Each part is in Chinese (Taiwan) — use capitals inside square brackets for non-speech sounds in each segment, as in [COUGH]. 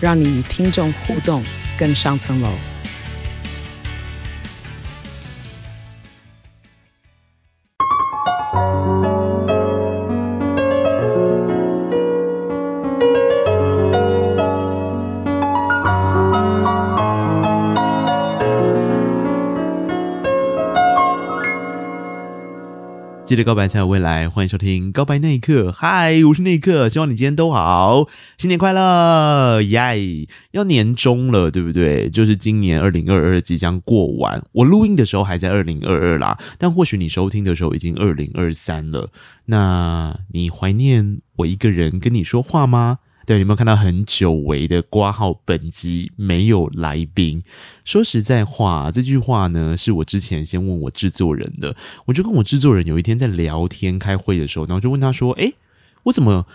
讓你與聽眾互動更上層樓。記得告白才有未來，歡迎收聽《告白那一刻》。嗨，我是那一刻，希望你今天都好，新年快樂！耶，要年終了，對不對？就是今年二零二二即將過完，我錄音的時候還在二零二二啦，但或許你收聽的時候已經二零二三了。那你懷念我一個人跟你說話嗎？對，有沒有看到很久違的括號本集沒有來賓？說實在話，這句話呢，是我之前先問我製作人的，我就跟我製作人有一天在聊天開會的時候，然後就問他說：“哎、欸，我怎麼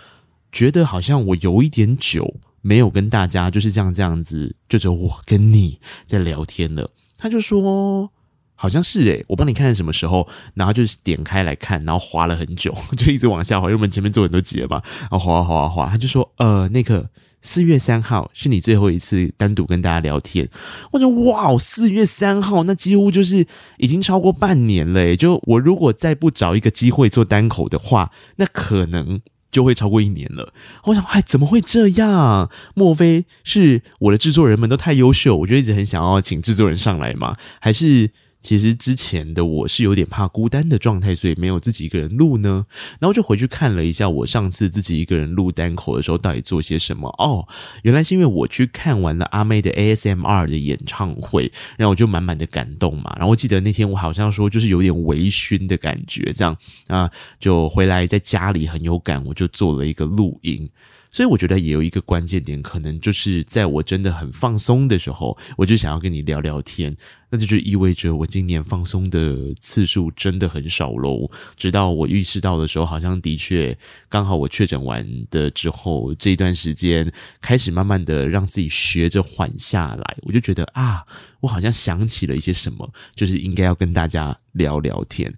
覺得好像我有一點久沒有跟大家就是這樣這樣子，就只有我跟你在聊天了？”他就說。好像是，誒、欸、我幫你看了什麼時候，然後就是點開來看，然後滑了很久，就一直往下滑。因為我們前面做很多集了嘛，然、啊、後滑啊滑啊滑滑、啊，他就說：“呃，那個四月三號是你最後一次單獨跟大家聊天。”我就哇，四月三號，那幾乎就是已經超過半年了、欸。就我如果再不找一個機會做單口的話，那可能就會超過一年了。”我想：“嗨、哎，怎麼會這樣？莫非是我的制作人們都太優秀？我就一直很想要請制作人上來嘛，還是？”其實之前的我是有點怕孤單的狀態，所以沒有自己一個人錄呢。然後就回去看了一下我上次自己一個人錄單口的時候到底做些什麼。哦，原來是因為我去看完了阿妹的 ASMR 的演唱會，然後我就滿滿的感動嘛。然後記得那天我好像說，就是有點微醺的感覺，這樣啊，就回來在家裡很有感，我就做了一個錄音。所以我覺得也有一個關鍵點，可能就是在我真的很放鬆的時候，我就想要跟你聊聊天。那這就意味着我今年放鬆的次數真的很少嘍。直到我意識到的時候，好像的確剛好我確診完的之後，這一段時間開始慢慢的讓自己學着緩下來，我就覺得啊，我好像想起了一些什麼，就是應該要跟大家聊聊天。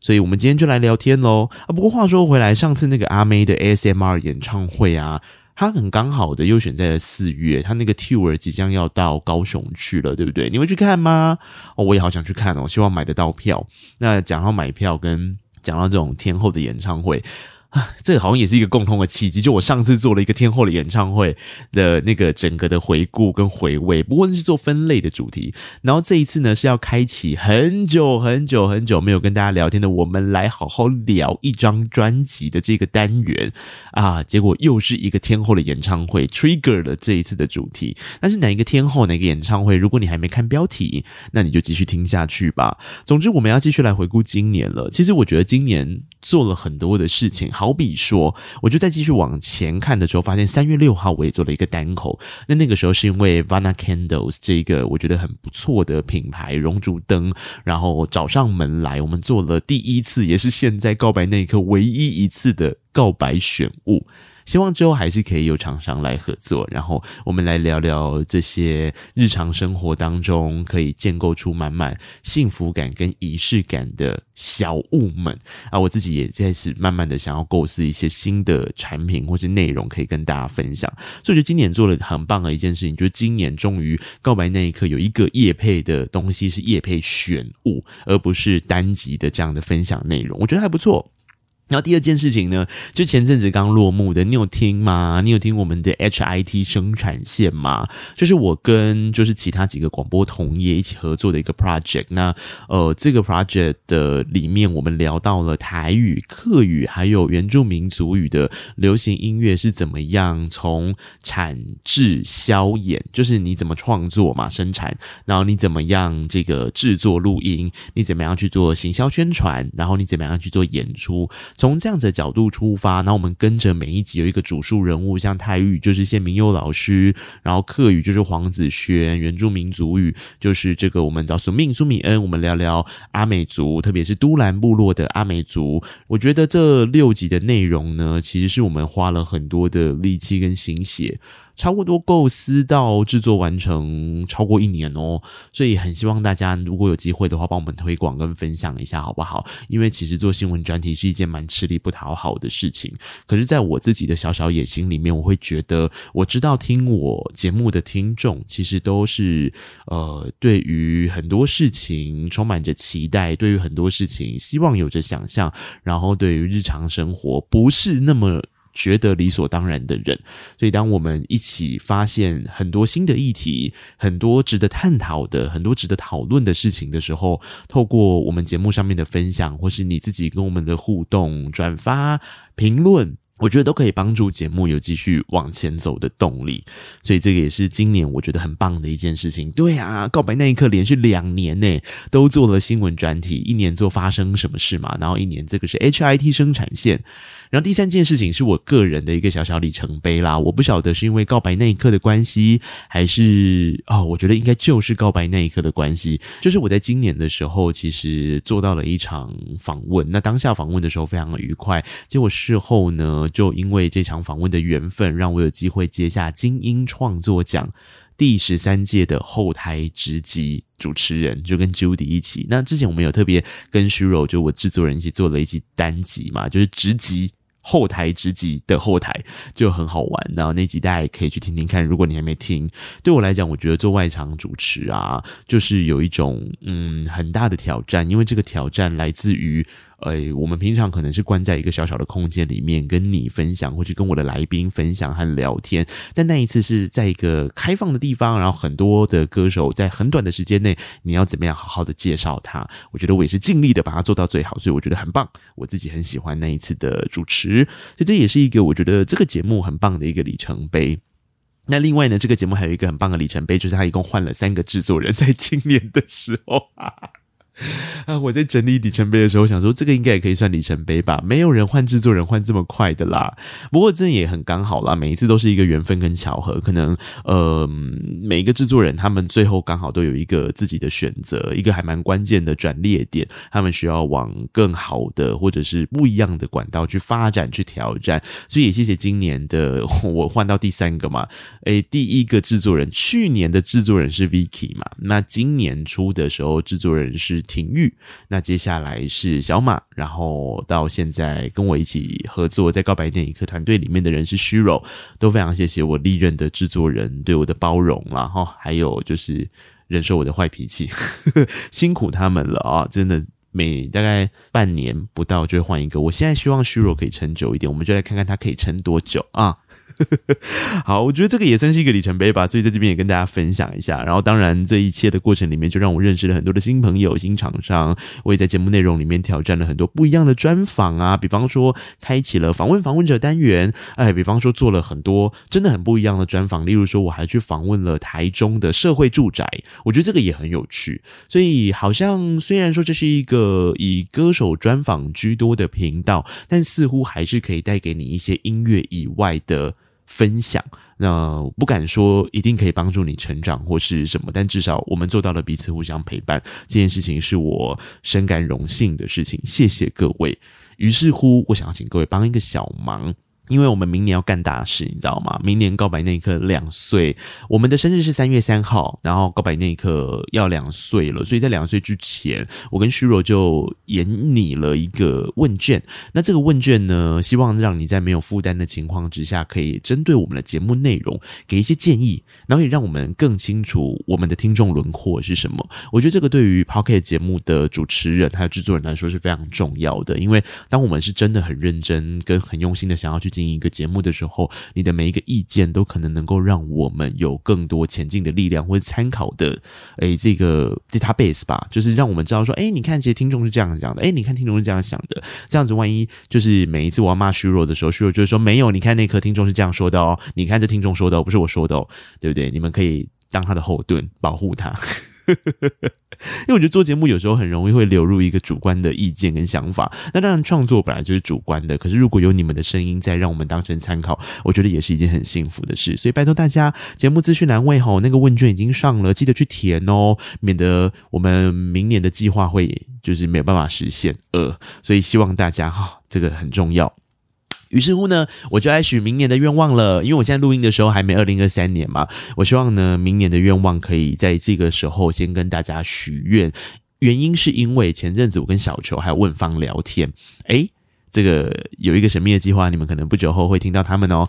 所以我們今天就來聊天嘍啊！不過話說回來，上次那個阿妹的 ASMR 演唱會啊，她很剛好的又選在了四月，她那個 tour 即將要到高雄去了，對不對？你會去看嗎？哦，我也好想去看哦，希望買得到票。那講到買票，跟講到這種天後的演唱會。啊，這個好像也是一個共同的契機。就我上次做了一個天後的演唱會的那個整個的回顧跟回味，不過那是做分類的主題。然後這一次呢，是要開啟很久很久很久沒有跟大家聊天的我們，來好好聽一張專輯的這個單元啊。結果又是一個天後的演唱會 trigger 了這一次的主題。但是哪一個天後、哪個演唱會，如果你還沒看標題，那你就繼續聽下去吧。總之，我們要繼續來回顧今年了。其實我覺得今年做了很多的事情。好比說，我就再繼續往前看的時候，發現三月六號我也做了一個單口。那那個時候是因為 Vana Candles 這個我覺得很不錯的品牌熔燭燈，然後找上門來，我們做了第一次，也是現在告白那一刻唯一一次的告白選物。希望之後還是可以有廠商來合作，然後我們來聊聊這些日常生活當中可以建構出滿滿幸福感跟儀式感的小物們。啊，我自己也在此慢慢的想要構思一些新的產品或是內容可以跟大家分享。所以我覺得今年做了很棒的一件事情，就是今年終於告白那一刻有一個業配的東西是業配選物，而不是單集的這樣的分享內容，我覺得還不錯。然後第二件事情呢，就前陣子剛落幕的，你有聽嗎？你有聽我們的 HIT 生產線嗎？就是我跟就是其他幾個廣播同業一起合作的一個 project 那那呃，這個 project 的裡面，我們聊到了台語、客語還有原住民族語的流行音樂是怎麼樣從產制銷演，就是你怎麼創作嘛，生產，然後你怎麼樣這個制作錄音，你怎麼樣去做行銷宣傳，然後你怎麼樣去做演出。從這樣子的角度出發，然後我們跟着每一集有一個主述人物，像台語就是謝銘祐老師，然後客語就是黃子軒，原住民族語就是這個我們找 Suming 舒米恩，我們聊聊阿美族，特別是都蘭部落的阿美族。我覺得這六集的內容呢，其實是我們花了很多的力氣跟心血。差不多構思到製作完成超過一年哦，所以很希望大家如果有機會的話，幫我們推廣跟分享一下好不好？因為其實做新聞專題是一件蠻吃力不討好的事情，可是在我自己的小小野心裡面，我會覺得我知道聽我節目的聽眾其實都是呃，對於很多事情充滿着期待，對於很多事情希望有着想象，然後對於日常生活不是那麼。覺得理所當然的人，所以當我們一起發現很多新的議題、很多值得探討的、很多值得討論的事情的時候，透過我們節目上面的分享，或是你自己跟我們的互動、轉發、評論。我覺得都可以幫助節目有繼續往前走的動力，所以這個也是今年我覺得很棒的一件事情。對啊，告白那一刻連續兩年內都做了新聞專題，一年做發生什麼事嘛，然後一年這個是 HIT 生產線，然後第三件事情是我個人的一個小小里程碑啦。我不曉得是因為告白那一刻的關係，還是哦，我覺得應該就是告白那一刻的關係，就是我在今年的時候其實做到了一場訪問，那當下訪問的時候非常的愉快，結果事後呢。就因為這場訪問的緣分，讓我有機會接下精英創作獎第十三屆的後臺直擊主持人，就跟 Judy 一起。那之前我們有特別跟 Shiro，就我制作人一起做了一集單集嘛，就是直擊後臺直擊的後臺，就很好玩。然後那集大家也可以去聽聽看，如果你還沒聽，對我來講，我覺得做外場主持啊，就是有一種嗯很大的挑戰，因為這個挑戰來自於，誒、欸，我們平常可能是關在一個小小的空間裡面，跟你分享，或者跟我的來賓分享和聊天。但那一次是在一個開放的地方，然後很多的歌手在很短的時間內，你要怎麼樣好好的介紹他？我覺得我也是盡力的把它做到最好，所以我覺得很棒。我自己很喜歡那一次的主持，所以這也是一個我覺得這個節目很棒的一個里程碑。那另外呢，這個節目還有一個很棒的里程碑，就是他一共換了三個制作人，在今年的時候。 [LAUGHS] 啊！我在整理里程碑的時候，我想說這個應該也可以算里程碑吧。沒有人換製作人換這麼快的啦。不過這也很剛好啦，每一次都是一個緣分跟巧合。可能呃，每一個製作人他們最後剛好都有一個自己的選擇，一個還蠻關鍵的轉捩點，他們需要往更好的或者是不一樣的管道去發展、去挑戰。所以也謝謝今年的我換到第三個嘛。誒、欸，第一個製作人去年的製作人是 Vicky 嘛？那今年初的時候製作人是。停育，那接下來是小馬，然後到現在跟我一起合作在告白電影課團隊裡面的人是虛榮，都非常謝謝我歷任的制作人對我的包容，然後還有就是忍受我的壞脾氣， [LAUGHS] 辛苦他們了啊、哦！真的每大概半年不到就會換一個，我現在希望虛榮可以撐久一點，我們就來看看他可以撐多久啊。 [LAUGHS] 好，我覺得這個也算是一個里程碑吧，所以在這邊也跟大家分享一下。然後，當然，這一切的過程裡面，就讓我認識了很多的新朋友、新廠商。我也在節目內容裡面挑戰了很多不一樣的專訪啊，比方說，開啟了訪問訪問者單元，哎，比方說，做了很多真的很不一樣的專訪。例如說，我還去訪問了台中的社會住宅，我覺得這個也很有趣。所以，好像雖然說這是一個以歌手專訪居多的頻道，但似乎還是可以帶給你一些音樂以外的。分享，那不敢說一定可以幫助你成長或是什麼，但至少我們做到了彼此互相陪伴，這件事情是我深感榮幸的事情。謝謝各位。於是乎，我想要請各位幫一個小忙。因為我們明年要幹大事，你知道嗎？明年告白那一刻兩歲，我們的生日是三月三號，然後告白那一刻要兩歲了，所以在兩歲之前，我跟虛弱就研擬了一個問卷。那這個問卷呢，希望讓你在沒有負擔的情況之下，可以針對我們的節目內容給一些建議，然後也讓我們更清楚我們的聽眾輪廓是什麼。我覺得這個對於 Podcast 節目的主持人還有製作人來說是非常重要的，因為當我們是真的很認真跟很用心的想要去。另一個節目的時候，你的每一個意見都可能能夠讓我們有更多前進的力量或者參考的，誒、欸，這個 data base 吧，就是讓我們知道說，誒、欸，你看，其實聽眾是這樣講的,的，誒、欸，你看，聽眾是這樣想的,的，這樣子，萬一就是每一次我要罵虛弱的時候，虛弱就是說，沒有，你看那刻聽眾是這樣說的哦，你看這聽眾說的、哦，不是我說的，哦，對不對？你們可以當他的後盾，保護他。呵呵呵，因為我覺得做節目有時候很容易會流入一個主觀的意見跟想法，那當然創作本來就是主觀的。可是如果有你們的聲音在讓我們當成參考，我覺得也是一件很幸福的事。所以拜托大家，節目資訊欄位哈，那個問卷已經上了，記得去填哦，免得我們明年的計劃會就是沒有辦法實現。呃，所以希望大家哈，這個很重要。於是乎呢，我就來許明年的願望了，因為我現在錄音的時候還沒二零二三年嘛，我希望呢，明年的願望可以在這個時候先跟大家許願。原因是因為前陣子我跟小球還有問方聊天，誒、欸、這個有一個神秘的計劃，你們可能不久後會聽到他們哦、喔。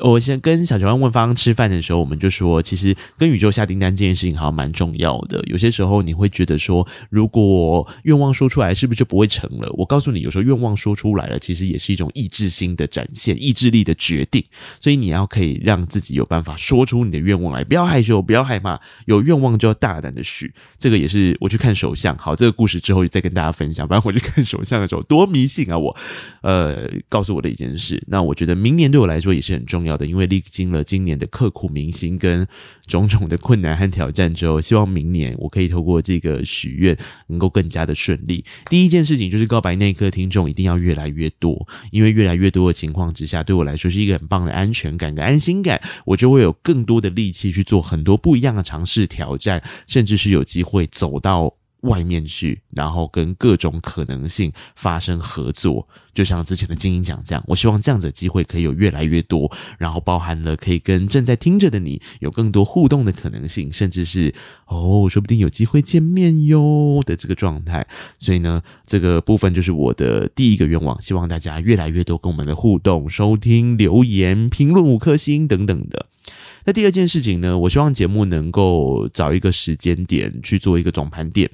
我先跟小喬安問，問方吃飯的時候，我們就說，其實跟宇宙下訂單這件事情好像蠻重要的。有些時候你會覺得說，如果願望說出來，是不是就不會成了？我告訴你，有時候願望說出來了，其實也是一種意志性的展現，意志力的決定。所以你要可以讓自己有辦法說出你的願望來，不要害羞，不要害怕，有願望就要大膽的許。這個也是我去看手相，好，這個故事之後再跟大家分享。不然我去看手相的時候，多迷信啊我！我呃，告訴我的一件事，那我覺得明年對我來說也是很重要要的，因為歷經了今年的刻骨銘心跟種種的困難和挑戰之後，希望明年我可以透過這個許願能夠更加的順利。第一件事情就是告白那一刻聽眾一定要越來越多，因為越來越多的情況之下，對我來說是一個很棒的安全感跟安心感，我就會有更多的力氣去做很多不一樣的嘗試、挑戰，甚至是有機會走到。外面去，然後跟各種可能性發生合作，就像之前的精英獎這樣。我希望這樣子的機會可以有越來越多，然後包含了可以跟正在聽着的你有更多互動的可能性，甚至是哦，說不定有機會見面喲的這個狀態。所以呢，這個部分就是我的第一個願望，希望大家越來越多跟我們的互動，收聽、留言、評論、五顆星等等的。那第二件事情呢，我希望節目能夠找一個時間點去做一個總盤點。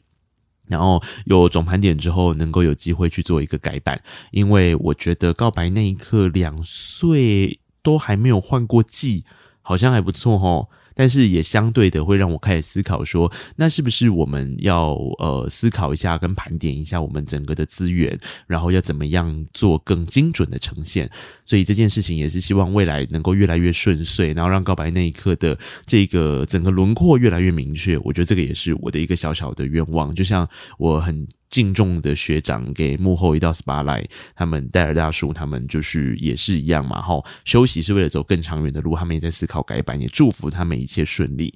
然後有總盤點之後，能夠有機會去做一個改版，因為我覺得告白那一刻兩歲都還沒有換過季，好像還不錯吼、哦。但是也相對的會讓我開始思考說，那是不是我們要呃思考一下跟盤點一下我們整個的資源，然後要怎麼樣做更精準的呈現。所以這件事情也是希望未來能夠越來越順遂，然後讓告白那一刻的這個整個輪廓越來越明確。我覺得這個也是我的一個小小的願望，就像我很。敬重的學長給幕後一道 spotlight，他們戴爾大叔他們就是也是一樣嘛，齁，休息是為了走更長遠的路，他們也在思考改版，也祝福他們一切順利。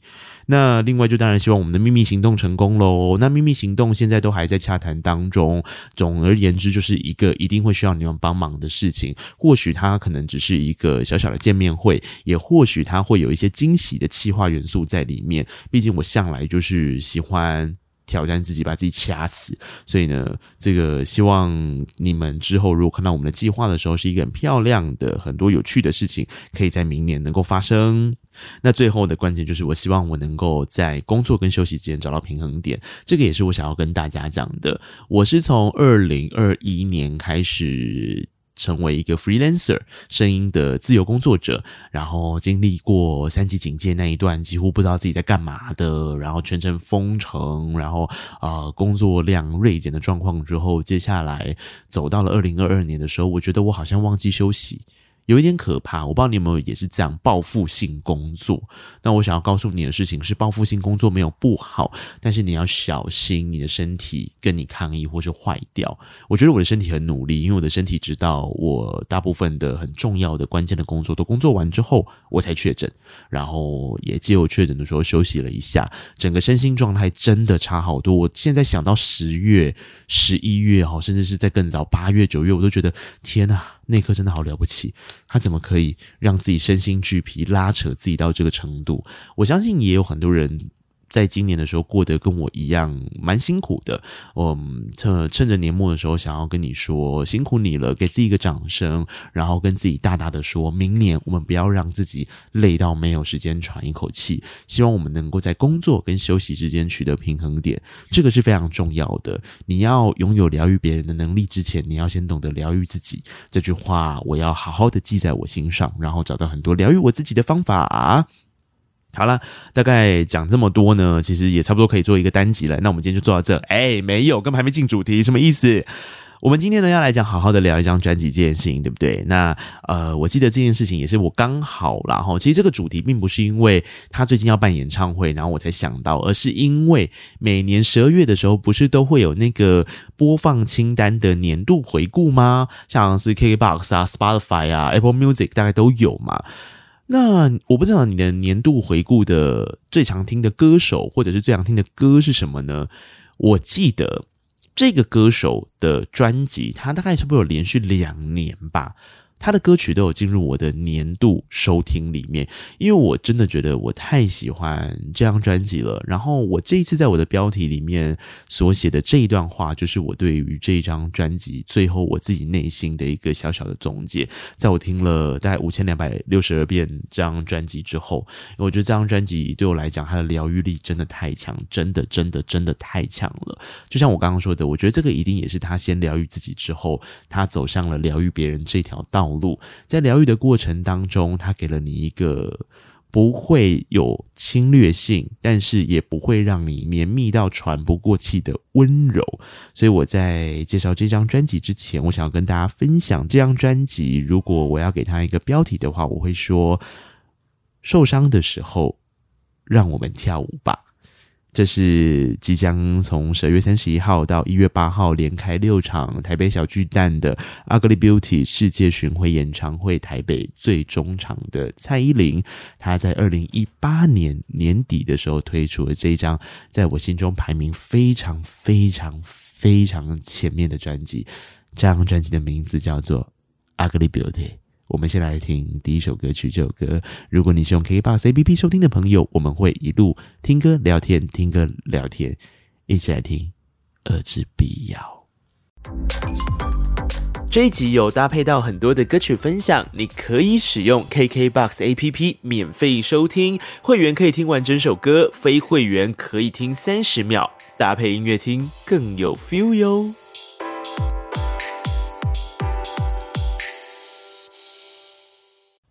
那另外就當然希望我們的秘密行動成功嘍。那秘密行動現在都還在洽談當中。總而言之，就是一個一定會需要你們幫忙的事情。或許它可能只是一個小小的見面會，也或許它會有一些驚喜的企劃元素在裡面。畢竟我向來就是喜歡。挑戰自己，把自己掐死。所以呢，這個希望你們之後如果看到我們的計劃的時候，是一個很漂亮的、很多有趣的事情，可以在明年能夠發生。那最後的關鍵就是，我希望我能夠在工作跟休息之間找到平衡點。這個也是我想要跟大家講的。我是從二零二一年開始。成為一個 freelancer 聲音的自由工作者，然後經歷過三級警戒那一段幾乎不知道自己在幹嘛的，然後全程封城，然後啊、呃、工作量銳減的狀況之後，接下來走到了二零二二年的時候，我覺得我好像忘記休息。有一點可怕，我不知道你有沒有也是這樣報復性工作。那我想要告訴你的事情是，報復性工作沒有不好，但是你要小心你的身體跟你抗議或是壞掉。我覺得我的身體很努力，因為我的身體知道我大部分的很重要的關鍵的工作都工作完之後，我才確診。然後也借我確診的時候休息了一下，整個身心狀態真的差好多。我現在想到十月、十一月，哈，甚至是在更早八月、九月，我都覺得天哪。那一刻真的好了不起，他怎麼可以讓自己身心俱疲，拉扯自己到這個程度？我相信也有很多人，在今年的時候過得跟我一樣蠻辛苦的，我、um，趁趁着年末的時候想要跟你說辛苦你了，給自己一個掌聲，然後跟自己大大的說，明年我們不要讓自己累到沒有時間喘一口氣。希望我們能夠在工作跟休息之間取得平衡點，這個是非常重要的。你要擁有療癒別人的能力之前，你要先懂得療癒自己。這句話我要好好的記在我心上，然後找到很多療癒我自己的方法。好啦，大概講這麼多呢，其實也差不多可以做一個單集了。那我們今天就做到這。誒、欸、沒有，根本還沒進主題，什麼意思？我們今天呢要來講好好的聊一張專輯這件事情，對不對？那呃，我記得這件事情也是我剛好啦。齁。其實這個主題並不是因為他最近要辦演唱會，然後我才想到，而是因為每年十二月的時候，不是都會有那個播放清單的年度回顧嗎？像是 KKBOX 啊、Spotify 啊、Apple Music 大概都有嘛。那，我不知道你的年度回顧的最常聽的歌手，或者是最常聽的歌是什麼呢？我記得這個歌手的專輯，他大概差不多有連續兩年吧。他的歌曲都有進入我的年度收聽裡面，因為我真的覺得我太喜歡這張專輯了。然後我這一次在我的標題裡面所寫的這一段話，就是我對於這一張專輯最後我自己內心的一個小小的總結。在我聽了大概五千兩百六十二遍這張專輯之後，我覺得這張專輯對我來講，它的療癒力真的太強，真的真的真的太強了。就像我剛剛說的，我覺得這個一定也是他先療癒自己之後，他走上了療癒別人這條道。在療癒的過程當中，他給了你一個不會有侵略性，但是也不會讓你綿密到喘不過氣的溫柔。所以我在介紹這張專輯之前，我想要跟大家分享這張專輯。如果我要給它一個標題的話，我會說：受傷的時候，讓我們跳舞吧。這是即將從十二月三十一號到一月八號連開六場台北小巨蛋的《Ugly Beauty》世界巡迴演唱會台北最終場的蔡依林。她在二零一八年年底的時候推出了這一張在我心中排名非常非常非常前面的專輯。這張專輯的名字叫做《Ugly Beauty》。我們先來聽第一首歌曲，這首歌。如果你是用 KKBOX A P P 收聽的朋友，我們會一路聽歌聊天，聽歌聊天，一起來聽《惡之必要》。這一集有搭配到很多的歌曲分享，你可以使用 KKBOX A P P 免費收聽，會員可以聽完整首歌，非會員可以聽三十秒，搭配音樂聽更有 feel 喲。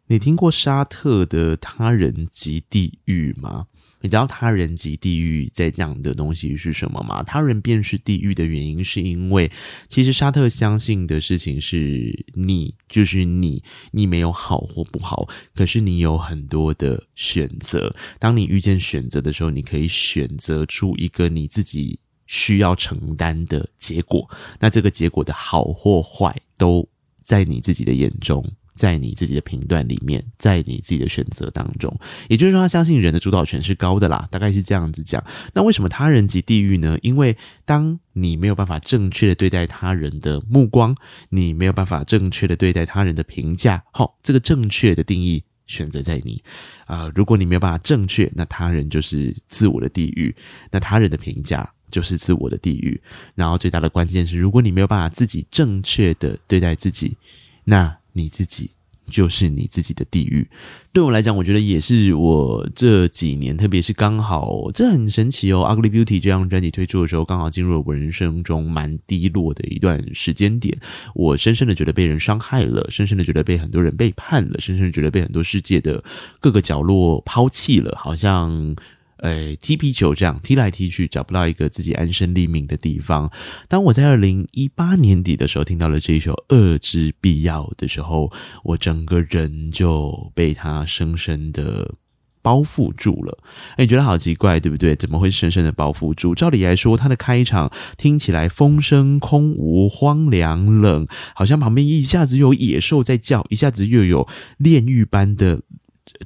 你聽過沙特的“他人即地獄”嗎？你知道“他人即地獄”在講的東西是什麼嗎？他人便是地獄的原因，是因為其實沙特相信的事情是你就是你，你沒有好或不好，可是你有很多的選擇。當你遇見選擇的時候，你可以選擇出一個你自己需要承擔的結果。那這個結果的好或壞，都在你自己的眼中。在你自己的評斷裡面，在你自己的選擇當中，也就是說，他相信人的主導權是高的啦，大概是這樣子講。那為什麼他人即地獄呢？因為當你沒有辦法正確的對待他人的目光，你沒有辦法正確的對待他人的評價，好、哦，這個正確的定義選擇在你啊、呃。如果你沒有辦法正確，那他人就是自我的地獄；那他人的評價就是自我的地獄。然後最大的關鍵是，如果你沒有辦法自己正確的對待自己，那你自己就是你自己的地獄。對我來講，我覺得也是我這幾年，特別是剛好，這很神奇哦。《ugly beauty》這張專輯推出的時候，剛好進入了我人生中蠻低落的一段時間點。我深深的覺得被人傷害了，深深的覺得被很多人背叛了，深深的覺得被很多世界的各個角落拋棄了，好像。哎，踢皮球這樣踢來踢去，找不到一個自己安身立命的地方。當我在二零一八年底的時候，聽到了這一首《惡之必要》的時候，我整個人就被它深深的包覆住了。哎，你覺得好奇怪對不對？怎麼會深深的包覆住？照理來說，它的開場聽起來風聲空無、荒涼冷，好像旁邊一下子有野獸在叫，一下子又有煉獄般的。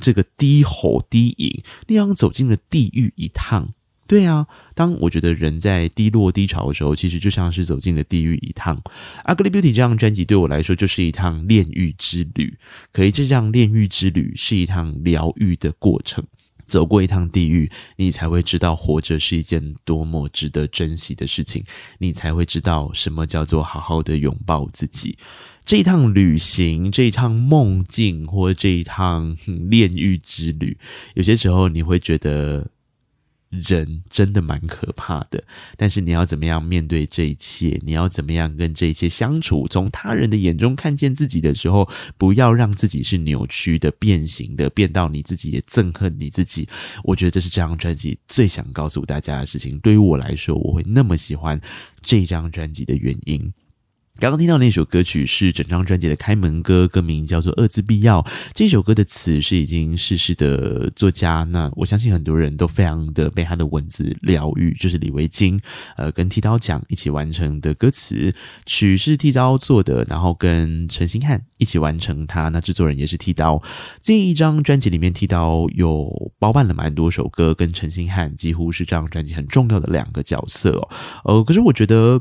這個低吼低吟，那樣走進了地獄一趟。對啊，當我覺得人在低落低潮的時候，其實就像是走進了地獄一趟。《Ugly Beauty》這張專輯對我來說，就是一趟煉獄之旅。可以，這張煉獄之旅是一趟療癒的過程。走過一趟地獄，你才會知道活着是一件多麼值得珍惜的事情。你才會知道什麼叫做好好的擁抱自己。這一趟旅行，這一趟夢境，或者這一趟煉獄之旅，有些時候你會覺得人真的蠻可怕的。但是你要怎麼樣面對這一切？你要怎麼樣跟這一切相處？從他人的眼中看見自己的時候，不要讓自己是扭曲的、變形的，變到你自己也憎恨你自己。我覺得這是這張專輯最想告訴大家的事情。對於我來說，我會那麼喜歡這張專輯的原因。剛剛聽到那首歌曲是整張專輯的開門歌，歌名叫做《惡之必要》。這首歌的詞是已經逝世、世的作家，那我相信很多人都非常的被他的文字療癒，就是李維菁呃，跟剃刀蔣一起完成的歌詞，曲是剃刀做的，然後跟陳星翰一起完成他。那製作人也是剃刀。這一張專輯裡面，剃刀有包辦了蠻多首歌，跟陳星翰幾乎是這張專輯很重要的兩個角色哦。呃，可是我覺得。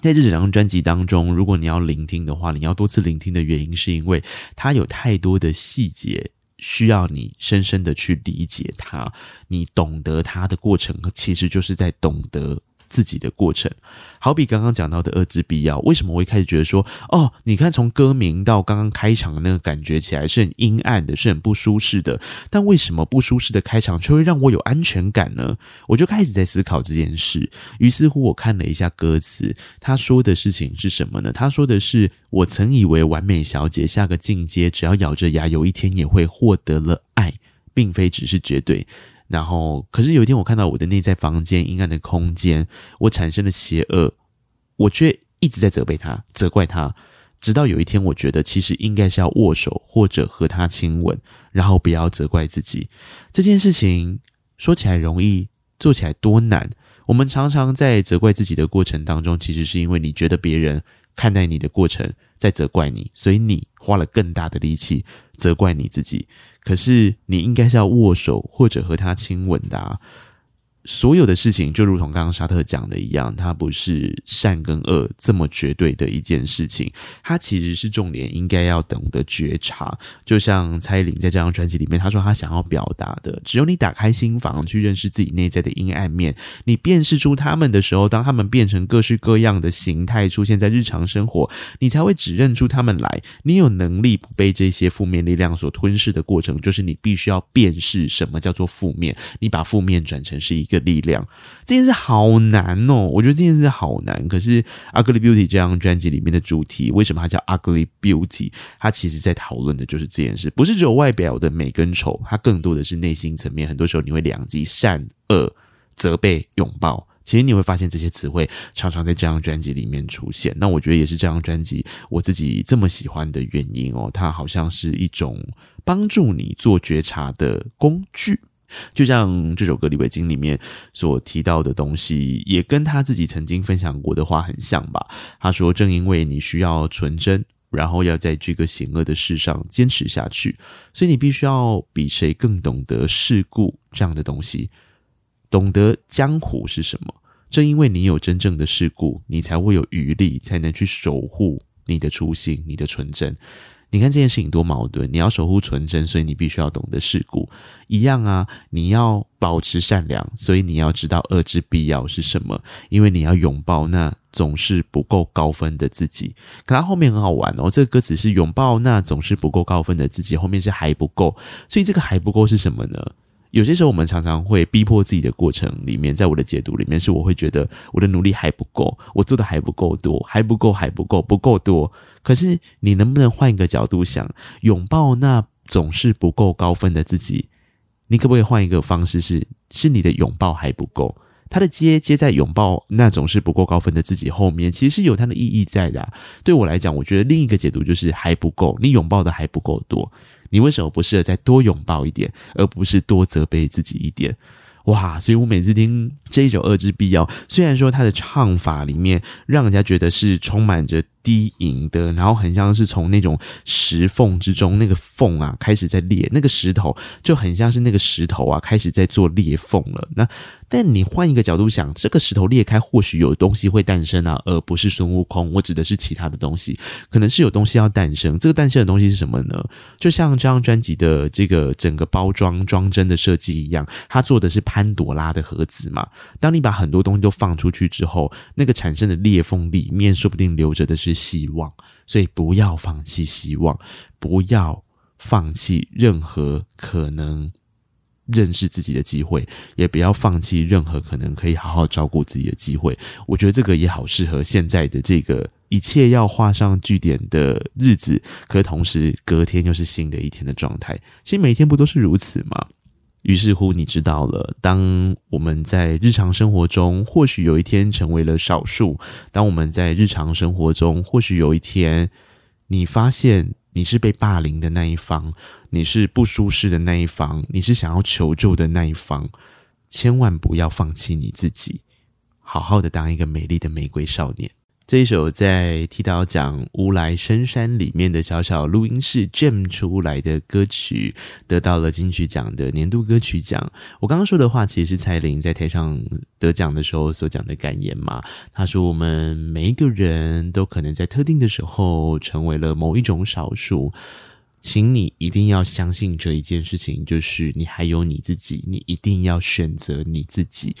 在這兩張專輯當中，如果你要聆聽的話，你要多次聆聽的原因，是因為它有太多的細節需要你深深的去理解它。你懂得它的過程，其實就是在懂得。自己的過程，好比剛剛講到的《Ugly Beauty》。為什麼我一開始覺得說，哦，你看從歌名到剛剛開場的那個感覺起來是很陰暗的，是很不舒適的，但為什麼不舒適的開場卻會讓我有安全感呢？我就開始在思考這件事。於是乎我看了一下歌詞，他說的事情是什麼呢？他說的是，我曾以為完美小姐下個進階，只要咬着牙，有一天也會獲得了愛，並非只是絕對。然後，可是有一天我看到我的內在房間陰暗的空間，我產生了邪惡，我卻一直在責備他、責怪他。直到有一天，我覺得其實應該是要握手或者和他親吻，然後不要責怪自己。這件事情說起來容易，做起來多難。我們常常在責怪自己的過程當中，其實是因為你覺得別人看待你的過程在責怪你，所以你花了更大的力氣責怪你自己。可是，你應該是要握手或者和他親吻的啊。所有的事情就如同剛剛沙特講的一樣，它不是善跟惡這麼絕對的一件事情，它其實是重點應該要懂得覺察。就像蔡依林在這張專輯裡面，她說她想要表達的，只有你打開心房去認識自己內在的陰暗面，你辨識出他們的時候，當他們變成各式各樣的形態出現在日常生活，你才會指認出他們來。你有能力不被這些負面力量所吞噬的過程，就是你必須要辨識什麼叫做負面，你把負面轉成是一。一個力量，這件事好難哦。我覺得這件事好難。可是《Ugly Beauty》這張專輯裡面的主題，為什麼它叫《Ugly Beauty》？它其實在討論的就是這件事，不是只有外表的美跟醜，它更多的是內心層面。很多時候你會兩極，善惡、責備、擁抱。其實你會發現，這些詞彙常常在這張專輯裡面出現。那我覺得也是這張專輯我自己這麼喜歡的原因哦。它好像是一種幫助你做覺察的工具。就像這首歌裡李維菁裡面所提到的東西，也跟他自己曾經分享過的話很像吧。他說：“正因為你需要純真，然後要在這個險惡的世上堅持下去，所以你必須要比誰更懂得世故這樣的東西，懂得江湖是什麼。正因為你有真正的世故，你才會有餘力，才能去守護你的初心，你的純真。”你看這件事情多矛盾，你要守護純真，所以你必須要懂得世故；一樣啊，你要保持善良，所以你要知道惡之必要是什麼，因為你要擁抱那總是不夠高分的自己。可他後面很好玩哦，這個歌詞是擁抱那總是不夠高分的自己，後面是還不夠，所以這個還不夠是什麼呢？有些時候，我們常常會逼迫自己的過程裡面，在我的解讀裡面，是我會覺得我的努力還不夠，我做的還不夠多，還不夠，還不夠，不夠多。可是，你能不能換一個角度想，擁抱那總是不夠高分的自己？你可不可以換一個方式是，是是你的擁抱還不夠？他的接接在擁抱那總是不夠高分的自己後面，其實是有它的意義在的啊。對我來講，我覺得另一個解讀就是還不夠，你擁抱的還不夠多，你為什麼不試着再多擁抱一點，而不是多責備自己一點？哇！所以我每次聽這一首《惡之必要》，雖然說他的唱法裡面讓人家覺得是充滿着。低影的，然後很像是從那種石縫之中，那個縫啊開始在裂，那個石頭就很像是那個石頭啊開始在做裂縫了。那但你換一個角度想，這個石頭裂開，或許有東西會誕生啊，而不是孫悟空。我指的是其他的東西，可能是有東西要誕生。這個誕生的東西是什麼呢？就像這張專輯的這個整個包裝裝幀的設計一樣，它做的是潘朵拉的盒子嘛。當你把很多東西都放出去之後，那個產生的裂縫裡面，說不定留着的是。希望，所以不要放棄希望，不要放棄任何可能認識自己的機會，也不要放棄任何可能可以好好照顧自己的機會。我覺得這個也好適合現在的這個一切要畫上句點的日子，可同時隔天又是新的一天的狀態。其實每天不都是如此嗎？於是乎，你知道了。當我們在日常生活中，或許有一天成為了少數；當我們在日常生活中，或許有一天你發現你是被霸凌的那一方，你是不舒適的那一方，你是想要求救的那一方，千萬不要放棄你自己，好好的當一個美麗的玫瑰少年。這一首在提到講烏來深山裡面的小小錄音室 jam 出來的歌曲，得到了金曲獎的年度歌曲獎。我剛剛說的話，其實是蔡依林在台上得獎的時候所講的感言嘛。她說：“我們每一個人都可能在特定的時候成為了某一種少數，請你一定要相信這一件事情，就是你還有你自己，你一定要選擇你自己。”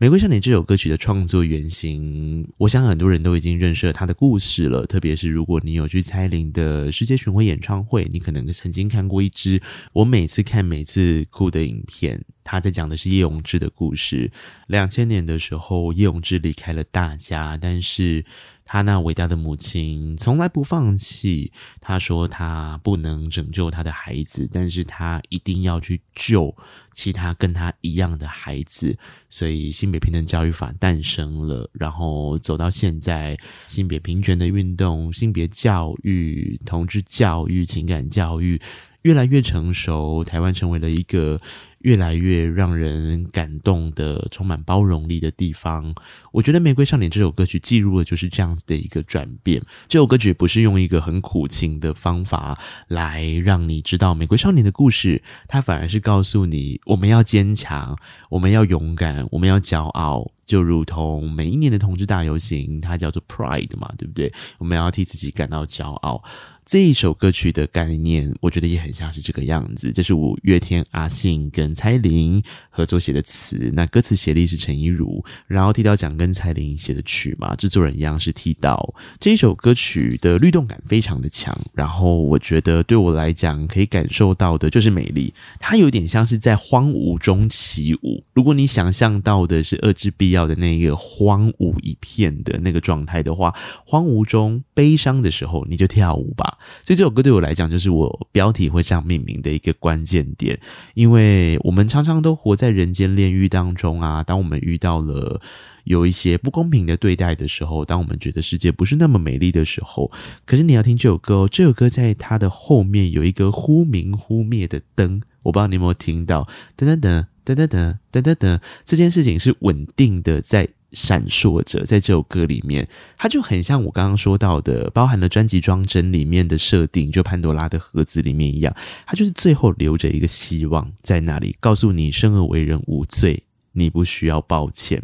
《玫瑰少年》這首歌曲的創作原型，我想很多人都已經認識了他的故事了。特別是如果你有去蔡依林的世界巡回演唱會，你可能曾經看過一支我每次看每次哭的影片。他在講的是葉永志的故事。兩千年的時候，葉永志離開了大家，但是他那偉大的母親從來不放棄。他說他不能拯救他的孩子，但是他一定要去救其他跟他一樣的孩子。所以性別平等教育法誕生了，然後走到現在，性別平權的運動、性別教育、同志教育、情感教育。越來越成熟，台灣成為了一個越來越讓人感動的、充滿包容力的地方。我覺得《玫瑰少年》這首歌曲記錄的就是這樣子的一個轉變。這首歌曲不是用一個很苦情的方法來讓你知道《玫瑰少年》的故事，它反而是告訴你：我們要堅強，我們要勇敢，我們要驕傲。就如同每一年的同志大遊行，它叫做 Pride 嘛，對不對？我們要替自己感到驕傲。這一首歌曲的概念，我覺得也很像是這個樣子。這是五月天阿信跟蔡依林合作寫的詞，那歌詞協力是辰亦儒，然後剃刀蔣跟蔡依林寫的曲嘛，制作人一樣是剃刀。這一首歌曲的律動感非常的強，然後我覺得對我來講可以感受到的就是美麗，它有點像是在荒蕪中起舞。如果你想象到的是遏制必要的那個荒蕪一片的那個狀態的話，荒蕪中悲傷的時候，你就跳舞吧。所以這首歌對我來講，就是我標題會這樣命名的一個關鍵點，因為我們常常都活在人間煉獄當中啊。當我們遇到了有一些不公平的對待的時候，當我們覺得世界不是那麼美麗的時候，可是你要聽這首歌哦。這首歌在它的後面有一個忽明忽滅的燈，我不知道你有沒有聽到？噔噔噔噔噔噔噔噔，噔，噔，這件事情是穩定的在。閃爍着，在這首歌裡面，它就很像我剛剛說到的，包含了專輯裝幀裡面的設定，就潘多拉的盒子裡面一樣，它就是最後留着一個希望在那裡，告訴你生而為人無罪，你不需要抱歉。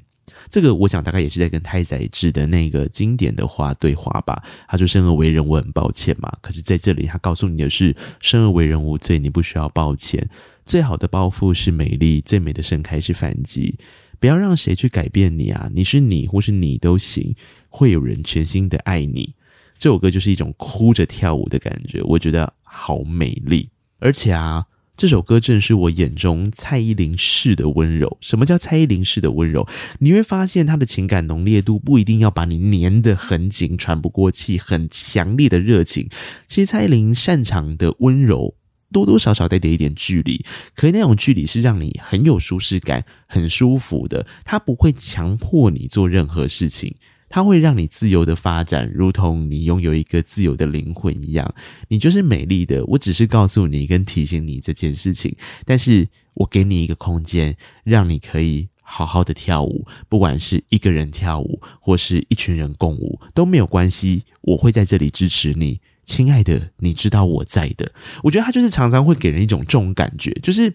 這個我想大概也是在跟太宰治的那個經典的話對話吧。他就生而為人我很抱歉嘛，可是在這裡他告訴你的是生而為人無罪，你不需要抱歉。最好的報復是美麗，最美的盛開是反擊。不要讓誰去改變你啊！你是你，或是你都行，會有人全心的愛你。這首歌就是一種哭着跳舞的感覺，我覺得好美麗。而且啊，這首歌正是我眼中蔡依林式的溫柔。什麼叫蔡依林式的溫柔？你會發現她的情感濃烈度不一定要把你粘得很緊、喘不過氣、很強力的熱情。其實蔡依林擅長的溫柔。多多少少帶點一點距離，可那種距離是讓你很有舒適感、很舒服的。它不會強迫你做任何事情，它會讓你自由的發展，如同你擁有一個自由的靈魂一樣。你就是美麗的，我只是告訴你跟提醒你這件事情。但是我給你一個空間，讓你可以好好的跳舞，不管是一個人跳舞或是一群人共舞都沒有關係，我會在這裡支持你。親愛的，你知道我在的。我覺得他就是常常會給人一種這種感覺，就是。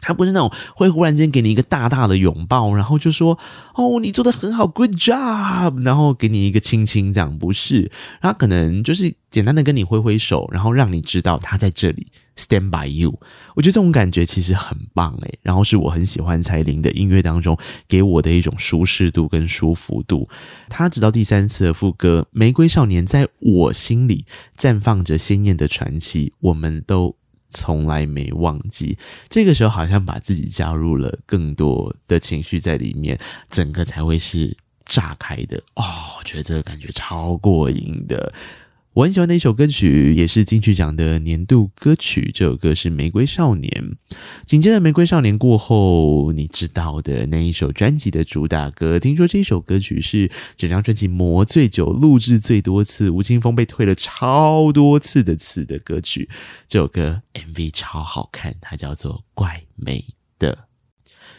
他不是那種會忽然間給你一個大大的擁抱，然後就說：“哦，你做的很好，good job。”然後給你一個親親，這樣不是？他可能就是簡單的跟你揮揮手，然後讓你知道他在這裡，stand by you。我覺得這種感覺其實很棒誒、欸，然後是我很喜歡蔡依林的音樂當中給我的一種舒適度跟舒服度。他直到第三次的副歌，“玫瑰少年在我心裡綻放着鮮豔的傳奇”，我們都。從來沒忘記，這個時候好像把自己加入了更多的情緒在裡面，整個才會是炸開的哦。我覺得這個感覺超過癮的。我很喜歡的一首歌曲，也是金曲獎的年度歌曲。這首歌是《玫瑰少年》。緊接着《玫瑰少年》過後，你知道的那一首專輯的主打歌，聽說這首歌曲是整張專輯磨最久、錄制最多次、吳青峰被退了超多次的詞的歌曲。這首歌 MV 超好看，它叫做《怪美的》。《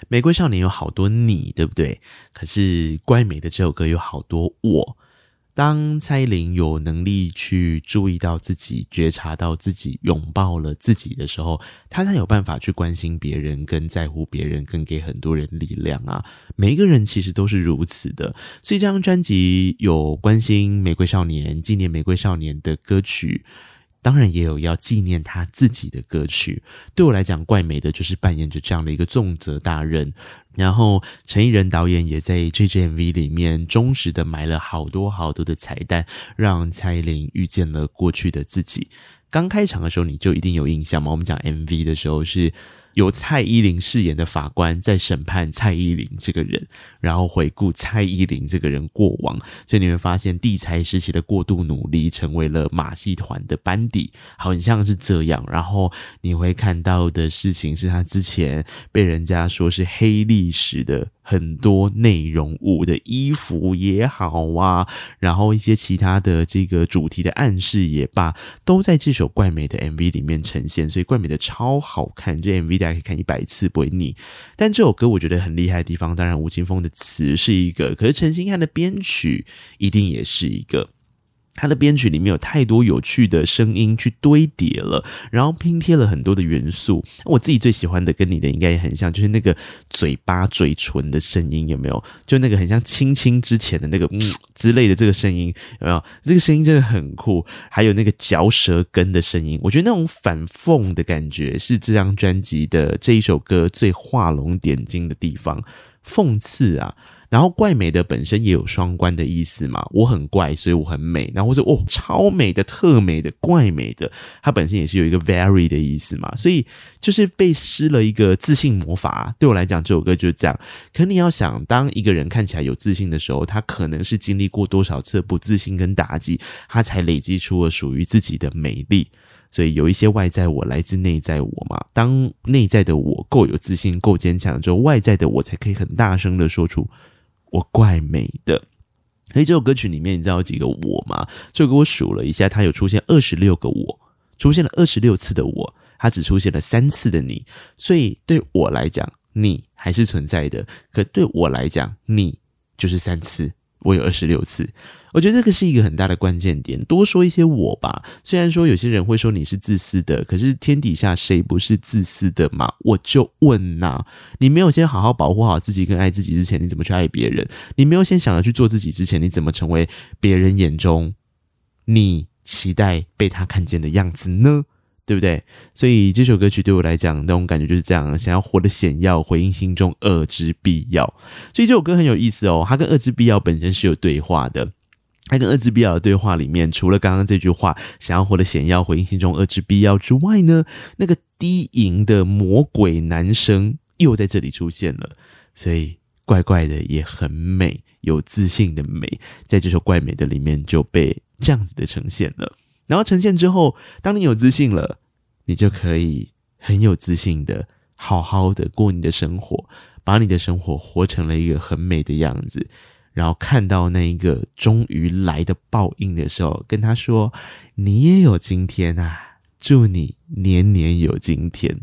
玫瑰少年》有好多你，對不對？可是《怪美的》這首歌有好多我。當蔡依林有能力去注意到自己、覺察到自己、擁抱了自己的時候，她才有辦法去關心別人、跟在乎別人、跟給很多人力量啊！每一個人其實都是如此的，所以這張專輯有關心玫瑰少年、紀念玫瑰少年的歌曲，當然也有要紀念他自己的歌曲。對我來講，怪美的就是扮演着這樣的一個重責大任。然後，陳奕仁導演也在 J J M V 裡面忠實的埋了好多好多的彩蛋，讓蔡依林遇見了過去的自己。剛開場的時候，你就一定有印象嘛，我們講 M V 的時候是。由蔡依林飾演的法官在審判蔡依林這個人，然後回顧蔡依林這個人過往，所以你會發現地才時期的過度努力成為了馬戲團的班底，很像是這樣。然後你會看到的事情是他之前被人家說是黑歷史的。很多內容物的衣服也好啊，然後一些其他的這個主題的暗示也罷，都在這首《怪美的》MV 裡面呈現，所以《怪美的》超好看，這 MV 大家可以看一百次不會膩。但這首歌我覺得很厲害的地方，當然吳青峰的詞是一個，可是陳星翰的編曲一定也是一個。他的編曲裡面有太多有趣的聲音去堆疊了，然後拼貼了很多的元素。我自己最喜歡的跟你的應該也很像，就是那個嘴巴、嘴唇的聲音有沒有？就那個很像親親之前的那個“嗯”之類的這個聲音有沒有？這個聲音真的很酷。還有那個嚼舌根的聲音，我覺得那種反諷的感覺是這張專輯的這一首歌最畫龍點睛的地方，諷刺啊。然後怪美的本身也有雙關的意思嘛，我很怪，所以我很美。然後或者我說、哦、超美的、特美的、怪美的，它本身也是有一個 very 的意思嘛。所以就是被施了一個自信魔法。對我來講，這首歌就是這樣。可你要想，當一個人看起來有自信的時候，他可能是經歷過多少次不自信跟打擊，他才累積出了屬於自己的美麗。所以有一些外在我來自內在我嘛。當內在的我夠有自信、夠堅強之後，外在的我才可以很大聲的說出。我怪美的，所以、欸、這首歌曲裡面你知道有幾個我嗎？就給我數了一下，它有出現二十六個我，出現了二十六次的我，它只出現了三次的你。所以對我來講，你還是存在的；可對我來講，你就是三次，我有二十六次。我覺得這個是一個很大的關鍵點。多說一些我吧，雖然說有些人會說你是自私的，可是天底下誰不是自私的嘛？我就問吶、啊，你沒有先好好保護好自己跟愛自己之前，你怎麼去愛別人？你沒有先想要去做自己之前，你怎麼成為別人眼中你期待被他看見的樣子呢？對不對？所以這首歌曲對我來講，那種感覺就是這樣：想要活得顯耀，回應心中惡之必要。所以這首歌很有意思哦，它跟惡之必要本身是有對話的。在跟惡之必要的對話裡面，除了剛剛這句話“想要活得顯耀，回應心中惡之必要”之外呢，那個低吟的魔鬼男聲又在這裡出現了，所以怪怪的也很美，有自信的美，在這首怪美的裡面就被這樣子的呈現了。然後呈現之後，當你有自信了，你就可以很有自信的，好好的過你的生活，把你的生活活成了一個很美的樣子。然後看到那一個終於來的報應的時候，跟他說：“你也有今天啊！祝你年年有今天。”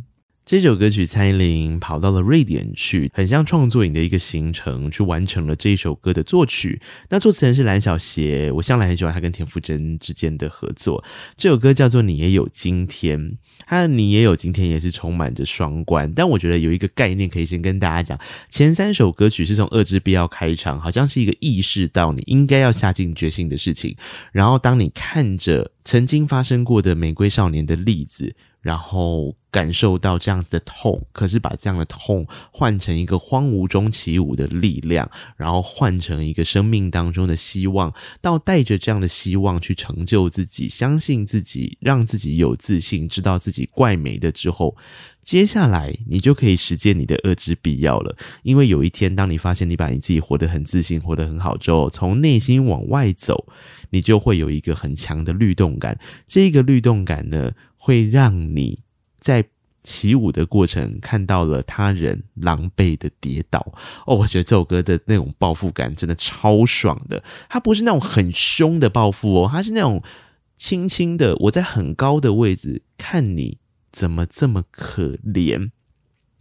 這首歌曲，蔡依林跑到了瑞典去，很像創作營的一個行程，去完成了這一首歌的作曲。那作詞人是藍小邪，我向來很喜歡他跟田馥甄之間的合作。這首歌叫做《你也有今天》，他你也有今天》也是充滿着雙關。但我覺得有一個概念可以先跟大家講：前三首歌曲是從《惡之必要》開場，好像是一個意識到你應該要下定決心的事情。然後當你看着曾經發生過的玫瑰少年的例子。然後感受到這樣子的痛，可是把這樣的痛換成一個荒蕪中起舞的力量，然後換成一個生命當中的希望，到帶着這樣的希望去成就自己，相信自己，讓自己有自信，知道自己怪美的之後，接下來你就可以實踐你的惡之必要了。因為有一天，當你發現你把你自己活得很自信，活得很好之後，從內心往外走，你就會有一個很強的律動感。這個律動感呢？會讓你在起舞的過程看到了他人狼狽的跌倒哦，我覺得這首歌的那種報復感真的超爽的。它不是那種很凶的報復哦，它是那種輕輕的。我在很高的位置看你怎麼這麼可憐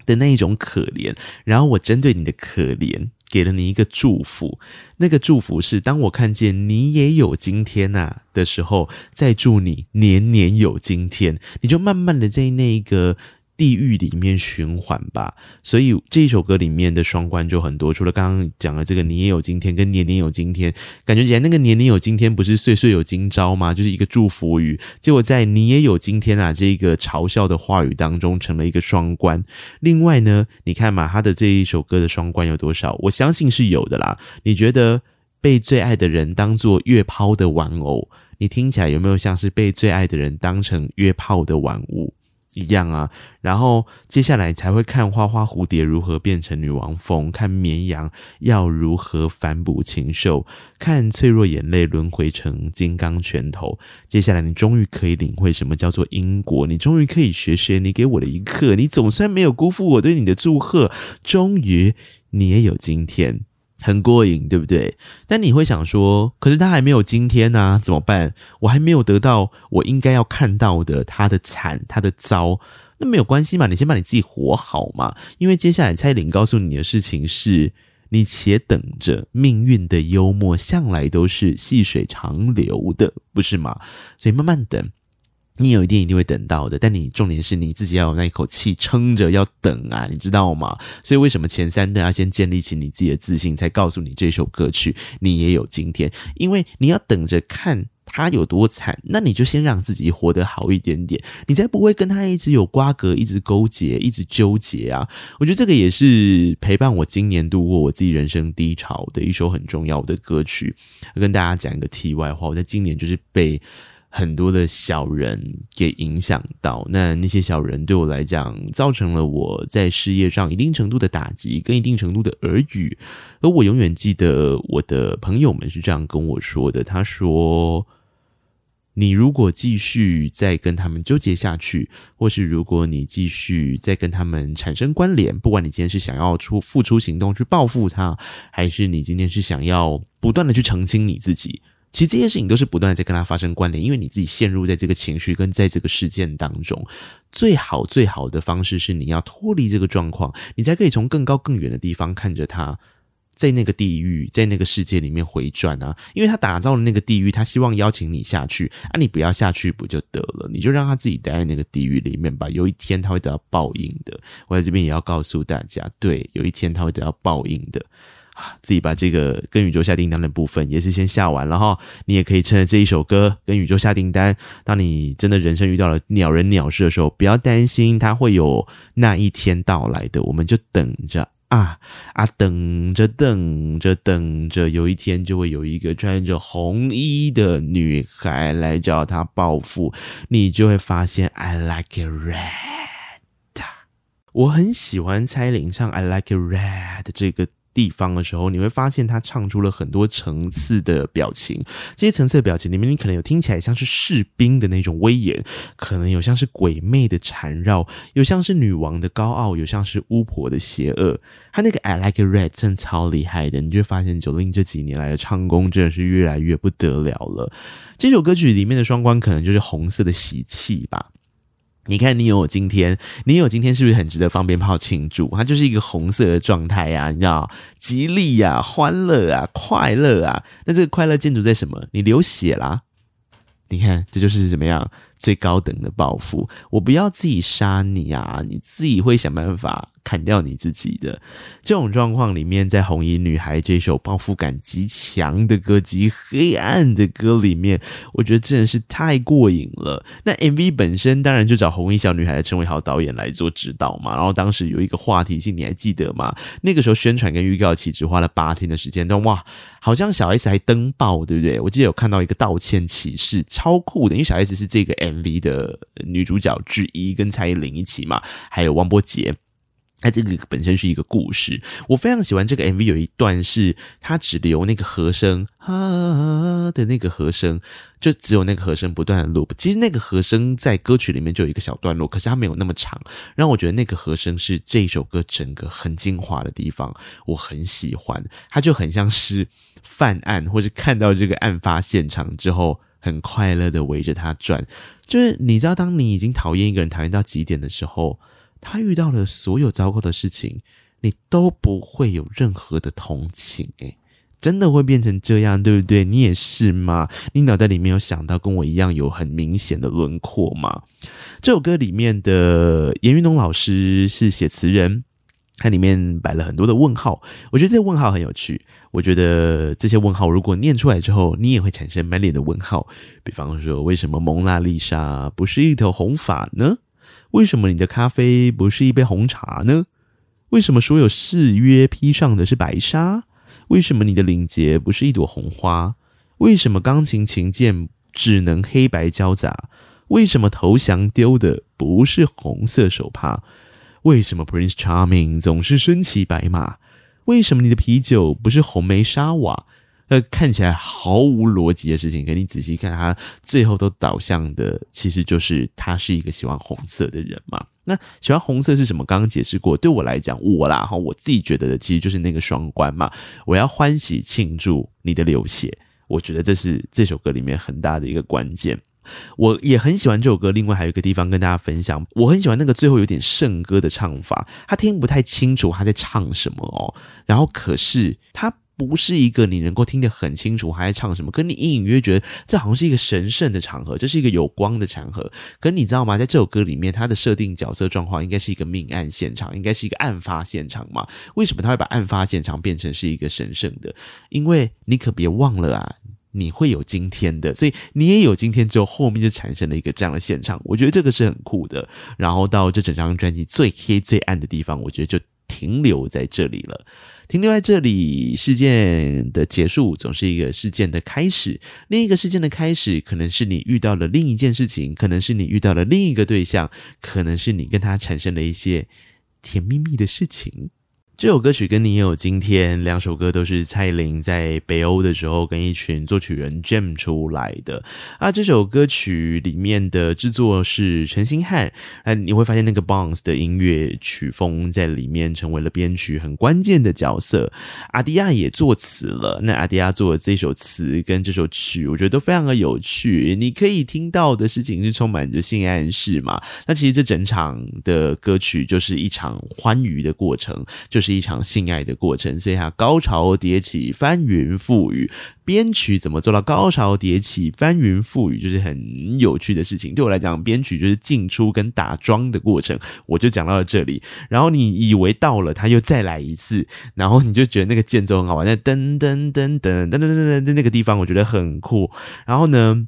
的那一種可憐，然後我針對你的可憐，給了你一個祝福，那個祝福是當我看見你也有今天吶、啊、的時候，再祝你年年有今天。你就慢慢的在那個。地獄裡面循環吧，所以這一首歌裡面的雙關就很多。除了剛剛講的這個“你也有今天”跟“年年有今天”，感覺起來那個“年年有今天”不是“歲歲有今朝”嗎？就是一個祝福語，結果在“你也有今天”啊這個嘲笑的話語當中成了一個雙關。另外呢，你看嘛，他的這一首歌的雙關有多少？我相信是有的啦。你覺得被最愛的人當做月拋的玩偶，你聽起來有沒有像是被最愛的人當成約炮的玩物？一樣啊，然後接下來才會看花花蝴蝶如何變成女王蜂，看綿羊要如何反哺禽獸，看脆弱眼淚輪回成金剛拳頭。接下來你終於可以領會什麼叫做因果，你終於可以學學你給我的一課，你總算沒有辜負我對你的祝賀，終於你也有今天。很過癮，對不對？但你會想說，可是他還沒有今天呢，啊，怎麼辦？我還沒有得到我應該要看到的他的慘，他的糟，那沒有關係嘛，你先把你自己活好嘛，因為接下來蔡依林告訴你的事情是你且等着，命運的幽默向來都是細水長流的，不是嗎？所以慢慢等。你有一天一定會等到的，但你重點是你自己要有那一口氣撐着要等啊，你知道嗎？所以為什麼前三段要先建立起你自己的自信，才告訴你這首歌曲你也有今天？因為你要等着看他有多慘，那你就先讓自己活得好一點點，你才不會跟他一直有瓜葛、一直勾結、一直糾結啊。我覺得這個也是陪伴我今年度過我自己人生低潮的一首很重要的歌曲。要跟大家講一個題外話，我在今年就是被。很多的小人給影響到，那那些小人對我來講造成了我在事業上一定程度的打擊，跟一定程度的耳語。而我永遠記得我的朋友們是這樣跟我說的：“他說，你如果繼續再跟他們糾結下去，或是如果你繼續再跟他們產生關聯，不管你今天是想要出付出行動去報復他，還是你今天是想要不斷的去澄清你自己。”其實這些事情都是不斷地在跟他發生關聯，因為你自己陷入在這個情緒跟在這個事件當中。最好最好的方式是你要脫離這個狀況，你才可以從更高更遠的地方看着他，在那個地獄，在那個世界裡面迴轉啊！因為他打造了那個地獄，他希望邀請你下去，啊，你不要下去不就得了？你就讓他自己待在那個地獄裡面吧，有一天他會得到報應的。我在這邊也要告訴大家，對，有一天他會得到報應的。自己把這個跟宇宙下訂單的部分也是先下完了哈，然後你也可以趁着這一首歌跟宇宙下訂單。當你真的人生遇到了鳥人鳥事的時候，不要擔心它會有那一天到來的，我們就等着啊啊，等着等着等着，有一天就會有一個穿着紅衣的女孩來找他報復，你就會發現 I like red。我很喜歡蔡依林唱 I like red 這個地方的時候，你會發現他唱出了很多層次的表情。這些層次的表情裡面，你可能有聽起來像是士兵的那種威嚴，可能有像是鬼魅的纏繞，有像是女王的高傲，有像是巫婆的邪惡。他那個 I like red 真的超厲害的，你就會發現 Jolin 這幾年來的唱功真的是越來越不得了了。這首歌曲裡面的雙關，可能就是紅色的喜氣吧。你看，你有我今天，你有我今天是不是很值得放鞭炮慶祝？它就是一個紅色的狀態呀，你知道？吉利呀、啊，歡樂啊，快樂啊。那這個快樂建築在什麼？你流血啦！你看，這就是怎麼樣。最高等的報復，我不要自己殺你啊！你自己會想辦法砍掉你自己的。這種狀況裡面，在《紅衣女孩》這首報復感極強的歌，極黑暗的歌裡面，我覺得真的是太過癮了。那 MV 本身當然就找紅衣小女孩的程偉豪導演來做指導嘛。然後當時有一個話題性，你還記得嗎？那個時候宣傳跟預告期只花了八天的時間，但哇，好像小 S 還登報，對不對？我記得有看到一個道歉啟事，超酷的，因為小 S 是這個。MV 的女主角之一跟蔡依林一起嘛，還有王柏傑。它，這個本身是一個故事。我非常喜歡這個 MV，有一段是他只留那個和聲啊的那個和聲，就只有那個和聲不斷的 loop。其實那個和聲在歌曲裡面就有一個小段落，可是它沒有那麼長，讓我覺得那個和聲是這首歌整個很精華的地方，我很喜歡。它就很像是犯案或者看到這個案發現場之後。很快樂的圍着他轉，就是你知道，當你已經討厭一個人，討厭到極點的時候，他遇到了所有糟糕的事情，你都不會有任何的同情、欸，哎，真的會變成這樣，對不對？你也是嗎？你腦袋裡面有想到跟我一樣有很明顯的輪廓嗎？這首歌裡面的嚴云農老師是寫詞人，它裡面擺了很多的問號，我覺得這些問號很有趣。我覺得這些問號如果念出來之後，你也會產生滿臉的問號。比方說，為什麼蒙娜麗莎不是一頭紅髮呢？為什麼你的咖啡不是一杯紅茶呢？為什麼所有誓約披上的是白紗？為什麼你的領結不是一朵紅花？為什麼鋼琴琴鍵只能黑白交雜？為什麼投降丟的不是紅色手帕？為什麼 Prince Charming 總是身騎白馬？為什麼你的啤酒不是紅梅沙瓦？呃，看起來毫無邏輯的事情，可你仔細看，他最後都導向的，其實就是他是一個喜歡紅色的人嘛。那喜歡紅色是什麼？剛剛解釋過，對我來講，我啦哈，我自己覺得的，其實就是那個雙關嘛。我要歡喜慶祝你的流血，我覺得這是這首歌裡面很大的一個關鍵。我也很喜歡這首歌。另外還有一個地方跟大家分享，我很喜歡那個最後有點聖歌的唱法，他聽不太清楚他在唱什麼哦。然後可是他不是一個你能夠聽得很清楚他在唱什麼，可你隱隱約約覺得這好像是一個神聖的場合，這是一個有光的場合。可你知道嗎？在這首歌裡面，他的設定角色狀況應該是一個命案現場，應該是一個案發現場嘛？為什麼他會把案發現場變成是一個神聖的？因為你可別忘了啊。你會有今天的。所以你也有今天之後，後面就產生了一個這樣的現場，我覺得這個是很酷的。然後到這整張專輯最黑最暗的地方，我覺得就停留在這裡了。停留在這裡，事件的結束總是一個事件的開始，另一個事件的開始可能是你遇到了另一件事情，可能是你遇到了另一個對象，可能是你跟他產生了一些甜蜜蜜的事情。這首歌曲跟你也有今天，兩首歌都是蔡依林在北歐的時候跟一群作曲人 jam 出來的啊。這首歌曲裡面的制作是陳星翰，哎、啊，你會發現那個 bounce 的音樂曲風在裡面成為了編曲很關鍵的角色。阿迪亞也作詞了，那阿迪亞做的這首詞跟這首曲，我覺得都非常的有趣。你可以聽到的事情是充滿着性暗示嘛？那其實這整場的歌曲就是一場歡愉的過程，就是。是一場性愛的過程，所以它高潮迭起、翻雲覆雨。編曲怎麼做到高潮迭起、翻雲覆雨，就是很有趣的事情。對我來講，編曲就是進出跟打樁的過程。我就講到了這裡，然後你以為到了，他又再來一次，然後你就覺得那個建築很好玩。那噔噔噔噔噔噔噔噔那個地方，我覺得很酷。然後呢，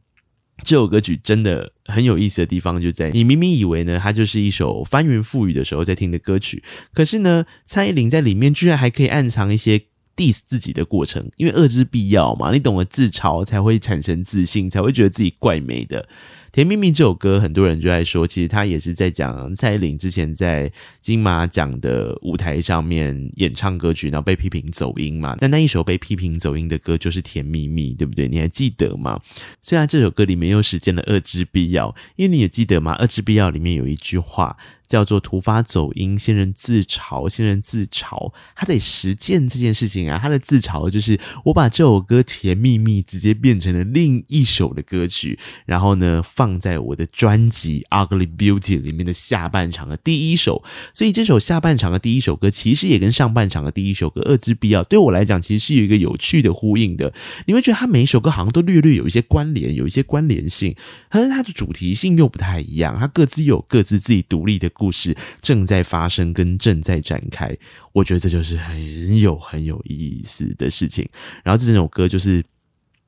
這首歌曲真的很有意思的地方，就在你明明以為呢，它就是一首翻雲覆雨的時候在聽的歌曲，可是呢，蔡依林在裡面居然還可以暗藏一些 diss 自己的過程，因為惡之必要嘛，你懂得自嘲才會產生自信，才會覺得自己怪美的。《甜蜜蜜》這首歌，很多人就在說，其實他也是在講蔡依林之前在金馬獎的舞台上面演唱歌曲，然後被批評走音嘛。但那一首被批評走音的歌就是《甜蜜蜜》，對不對？你還記得嗎？雖然這首歌裡面又實踐了《惡之必要》，因為你也記得嗎？《惡之必要》裡面有一句話。叫做突發走音，先人自嘲，先人自嘲，他得實踐這件事情啊。他的自嘲就是我把這首歌《甜蜜蜜》直接變成了另一首的歌曲，然後呢，放在我的專輯《Ugly Beauty》裡面的下半場的第一首。所以這首下半場的第一首歌，其實也跟上半場的第一首歌《二之必要》，對我來講，其實是有一個有趣的呼應的。你會覺得他每一首歌好像都略略有一些關聯，有一些關聯性，可是他的主題性又不太一樣，他各自有各自自己獨立的。故事正在發生，跟正在展開，我覺得這就是很有很有意思的事情。然後這首歌就是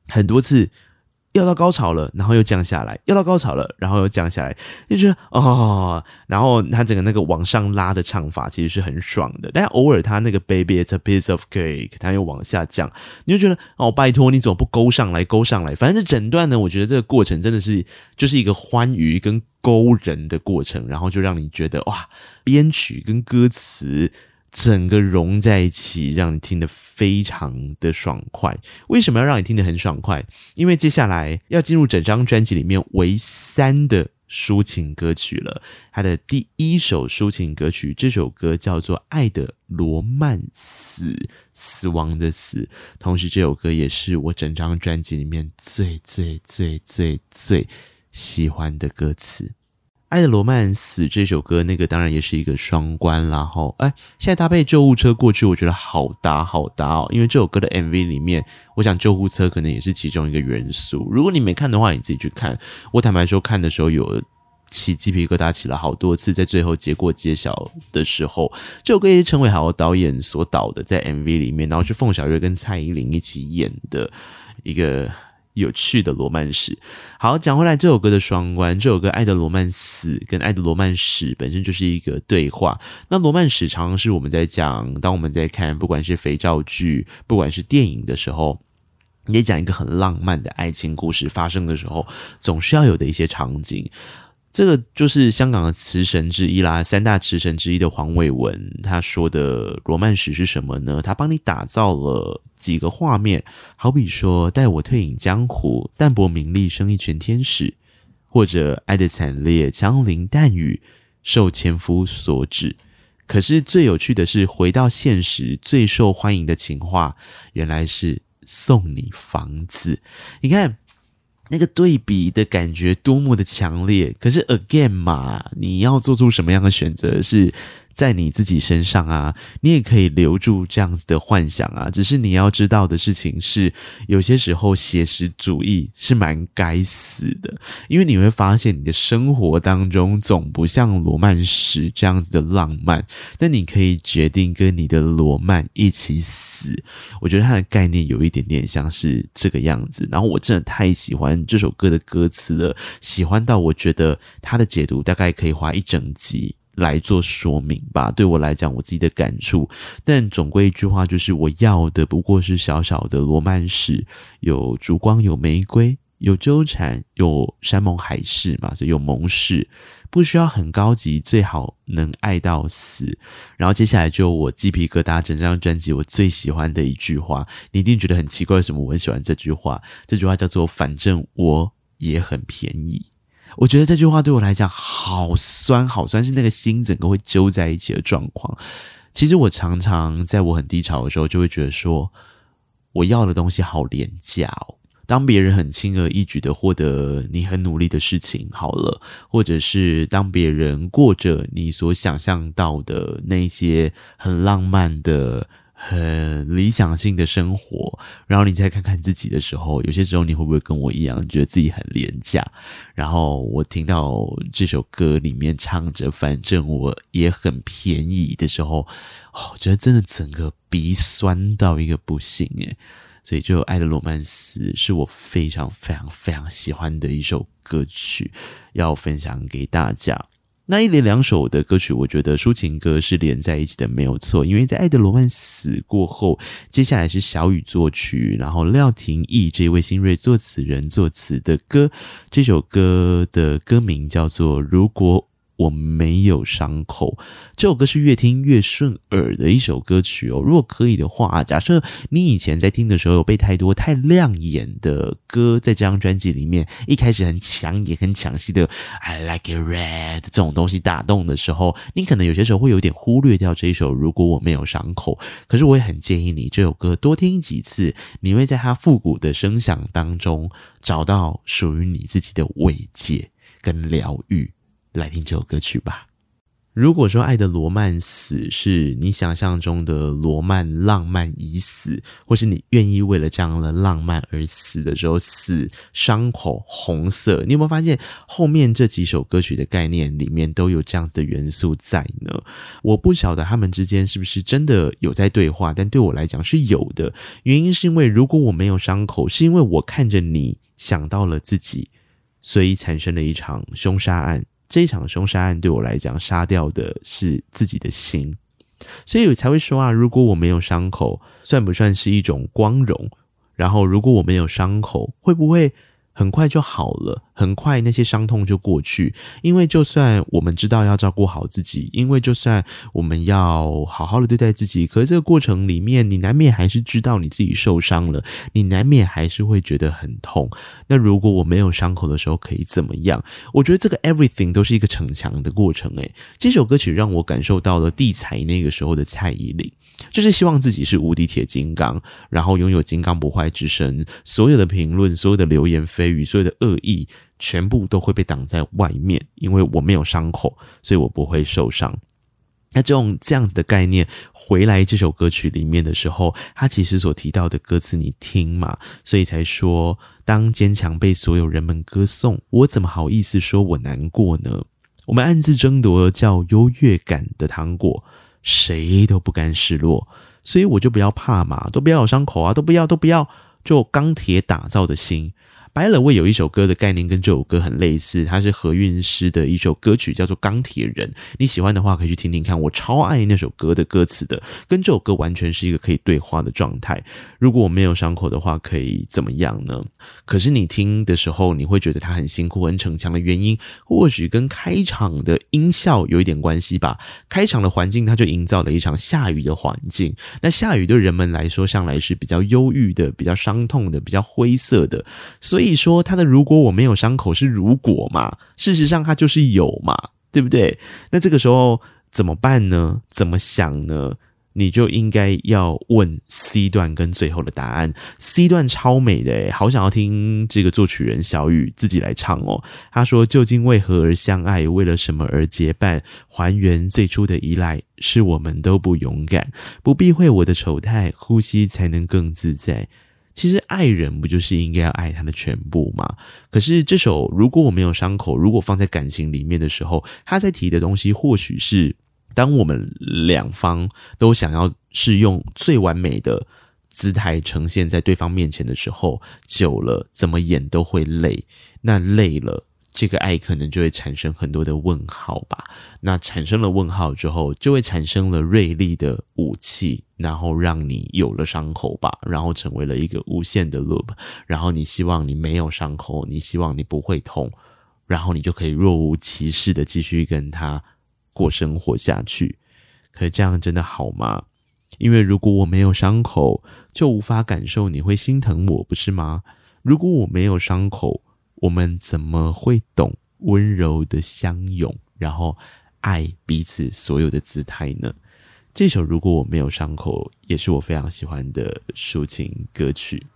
很多次，要到高潮了，然後又降下來；要到高潮了，然後又降下來，你就覺得哦。然後他整個那個往上拉的唱法其實是很爽的，但偶爾他那個 Baby It's a Piece of Cake 他又往下降，你就覺得哦，拜托，你怎麼不勾上來，勾上來？反正這整段呢，我覺得這個過程真的是就是一個歡愉跟勾人的過程，然後就讓你覺得哇，編曲跟歌詞。整個融在一起，讓你聽得非常的爽快。為什麼要讓你聽得很爽快？因為接下來要進入整張專輯裡面唯三的抒情歌曲了。它的第一首抒情歌曲，這首歌叫做《愛的羅曼死》，死亡的死。同時，這首歌也是我整張專輯裡面最最最最最最喜歡的歌詞。《愛的羅曼史》這首歌，那個當然也是一個雙關啦，啦。齁，哎，現在搭配救護車過去，我覺得好搭好搭哦。因為這首歌的 MV 裡面，我想救護車可能也是其中一個元素。如果你沒看的話，你自己去看。我坦白說，看的時候有起雞皮疙瘩起了好多次，在最後結果揭曉的時候，這首歌也是陳偉豪導演所導的，在 MV 裡面，然後是鳳小岳跟蔡依林一起演的一個。有趣的羅曼史，好，講回來，這首歌的雙關，這首歌《愛的羅曼死》跟《愛的羅曼史》本身就是一個對話。那羅曼史常常是我們在講，當我們在看，不管是肥皂劇，不管是電影的時候，也講一個很浪漫的愛情故事發生的時候，總是要有的一些場景。這個就是香港的詞神之一啦，三大詞神之一的黃偉文，他說的羅曼史是什麼呢？他幫你打造了幾個畫面，好比說“待我退隱江湖，淡泊名利，生一群天使”，或者“愛得慘烈，槍林彈雨，受千夫所指”。可是最有趣的是，回到現實，最受歡迎的情話原來是“送你房子”。你看。那個對比的感覺多麼的強烈，可是 again 嘛，你要做出什麼樣的選擇是？在你自己身上啊，你也可以留住這樣子的幻想啊。只是你要知道的事情是，有些時候寫實主義是蠻該死的，因為你會發現你的生活當中總不像羅曼史這樣子的浪漫。但你可以決定跟你的羅曼一起死。我覺得它的概念有一點點像是這個樣子。然後我真的太喜歡這首歌的歌詞了，喜歡到我覺得它的解讀大概可以花一整集來做說明吧。對我來講，我自己的感觸。但總歸一句話，就是我要的不過是小小的羅曼史，有燭光，有玫瑰，有糾纏，有山盟海誓嘛，所以有盟誓。不需要很高級，最好能愛到死。然後接下來就我雞皮疙瘩整張專輯我最喜歡的一句話，你一定覺得很奇怪，為什麼我很喜歡這句話？這句話叫做“反正我也很便宜”。我覺得這句話對我來講好酸，好酸，是那個心整個會揪在一起的狀況。其實我常常在我很低潮的時候，就會覺得說，我要的東西好廉價哦。當別人很輕而易舉的獲得你很努力的事情，好了，或者是當別人過着你所想象到的那些很浪漫的。很理想性的生活，然後你再看看自己的時候，有些時候你會不會跟我一樣覺得自己很廉價？然後我聽到這首歌裡面唱着“反正我也很便宜”的時候，哦，我覺得真的整個鼻酸到一個不行誒。所以就《愛的羅曼斯》是我非常非常非常喜歡的一首歌曲，要分享給大家。那一連兩首的歌曲，我覺得抒情歌是連在一起的，沒有錯。因為在愛的羅曼死過後，接下來是小雨作曲，然後廖廷義這一位新銳作詞人作詞的歌，這首歌的歌名叫做《如果》。我沒有傷口，這首歌是越聽越順耳的一首歌曲哦。如果可以的話，假設你以前在聽的時候有被太多太亮眼的歌在這張專輯裡面，一開始很強也很搶戲的 “I like it red” 這種東西打動的時候，你可能有些時候會有點忽略掉這一首。如果我沒有傷口，可是我也很建議你這首歌多聽幾次，你會在它復古的聲響當中找到屬於你自己的慰藉跟療癒。來聽這首歌曲吧。如果說《愛的羅曼死》是你想象中的羅曼浪漫已死，或是你願意為了這樣的浪漫而死的時候死，死傷口紅色，你有沒有發現後面這幾首歌曲的概念裡面都有這樣子的元素在呢？我不曉得他們之間是不是真的有在對話，但對我來講是有的。原因是因為如果我沒有傷口，是因為我看着你想到了自己，所以產生了一場凶殺案。這一場凶殺案對我來講，殺掉的是自己的心，所以才會說啊，如果我沒有傷口，算不算是一種光榮？然後，如果我沒有傷口，會不會很快就好了？很快那些傷痛就過去，因為就算我們知道要照顧好自己，因為就算我們要好好的對待自己，可是這個過程裡面，你難免還是知道你自己受傷了，你難免還是會覺得很痛。那如果我沒有傷口的時候，可以怎麼樣？我覺得這個 everything 都是一個逞強的過程、欸。哎，這首歌曲讓我感受到了地才那個時候的蔡依林，就是希望自己是無敵鐵金剛，然後擁有金剛不壞之身。所有的評論，所有的流言蜚語，所有的惡意。全部都會被擋在外面，因為我沒有傷口，所以我不會受傷。那這種這樣子的概念，回來這首歌曲裡面的時候，他其實所提到的歌詞，你聽嘛，所以才說，當堅強被所有人們歌頌，我怎麼好意思說我難過呢？我們暗自爭奪叫優越感的糖果，誰都不甘示弱，所以我就不要怕嘛，都不要有傷口啊，都不要，都不要，就鋼鐵打造的心。By the way，有一首歌的概念跟這首歌很類似，它是何韻詩的一首歌曲，叫做《鋼鐵人》。你喜歡的話可以去聽聽看，我超愛那首歌的歌詞的，跟這首歌完全是一個可以對話的狀態。如果我沒有傷口的話，可以怎麼樣呢？可是你聽的時候，你會覺得他很辛苦、很逞強的原因，或許跟開場的音效有一點關係吧。開場的環境，它就營造了一場下雨的環境。那下雨對人們來說，向來是比較憂鬱的、比較傷痛的、比較灰色的，所以。可以說，他的如果我沒有傷口是如果嘛，事實上他就是有嘛，對不對？那這個時候怎麼辦呢？怎麼想呢？你就應該要問 C 段跟最後的答案。C 段超美的欸，好想要聽這個作曲人小雨自己來唱哦。他說：“究竟為何而相愛？為了什麼而結伴？還原最初的依賴，是我們都不勇敢，不避諱我的醜態，呼吸才能更自在。”其實愛人不就是應該要愛他的全部嗎？可是這首，如果我沒有傷口，如果放在感情裡面的時候，他在提的東西，或許是當我們兩方都想要是用最完美的姿態呈現在對方面前的時候，久了怎麼演都會累，那累了，這個愛可能就會產生很多的問號吧，那產生了問號之後，就會產生了銳利的武器，然後讓你有了傷口吧，然後成為了一個無限的 loop，然後你希望你沒有傷口，你希望你不會痛，然後你就可以若無其事的繼續跟他過生活下去。可這樣真的好嗎？因為如果我沒有傷口，就無法感受你會心疼我，不是嗎？如果我沒有傷口，我們怎麼會懂溫柔的相擁，然後愛彼此所有的姿態呢？這首如果我沒有傷口，也是我非常喜歡的抒情歌曲。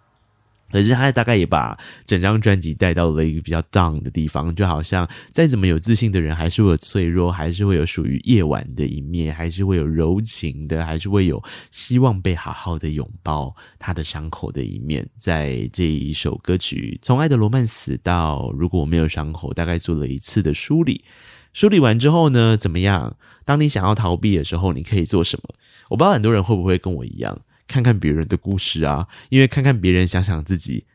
可是他大概也把整張專輯帶到了一個比較 down 的地方，就好像再怎麼有自信的人，還是會有脆弱，還是會有屬於夜晚的一面，還是會有柔情的，還是會有希望被好好的擁抱他的傷口的一面。在這一首歌曲，從《愛的羅曼史》到《如果我沒有傷口》，大概做了一次的梳理。梳理完之後呢，怎麼樣？當你想要逃避的時候，你可以做什麼？我不知道很多人會不會跟我一樣。看看別人的故事啊，因為看看別人，想想自己，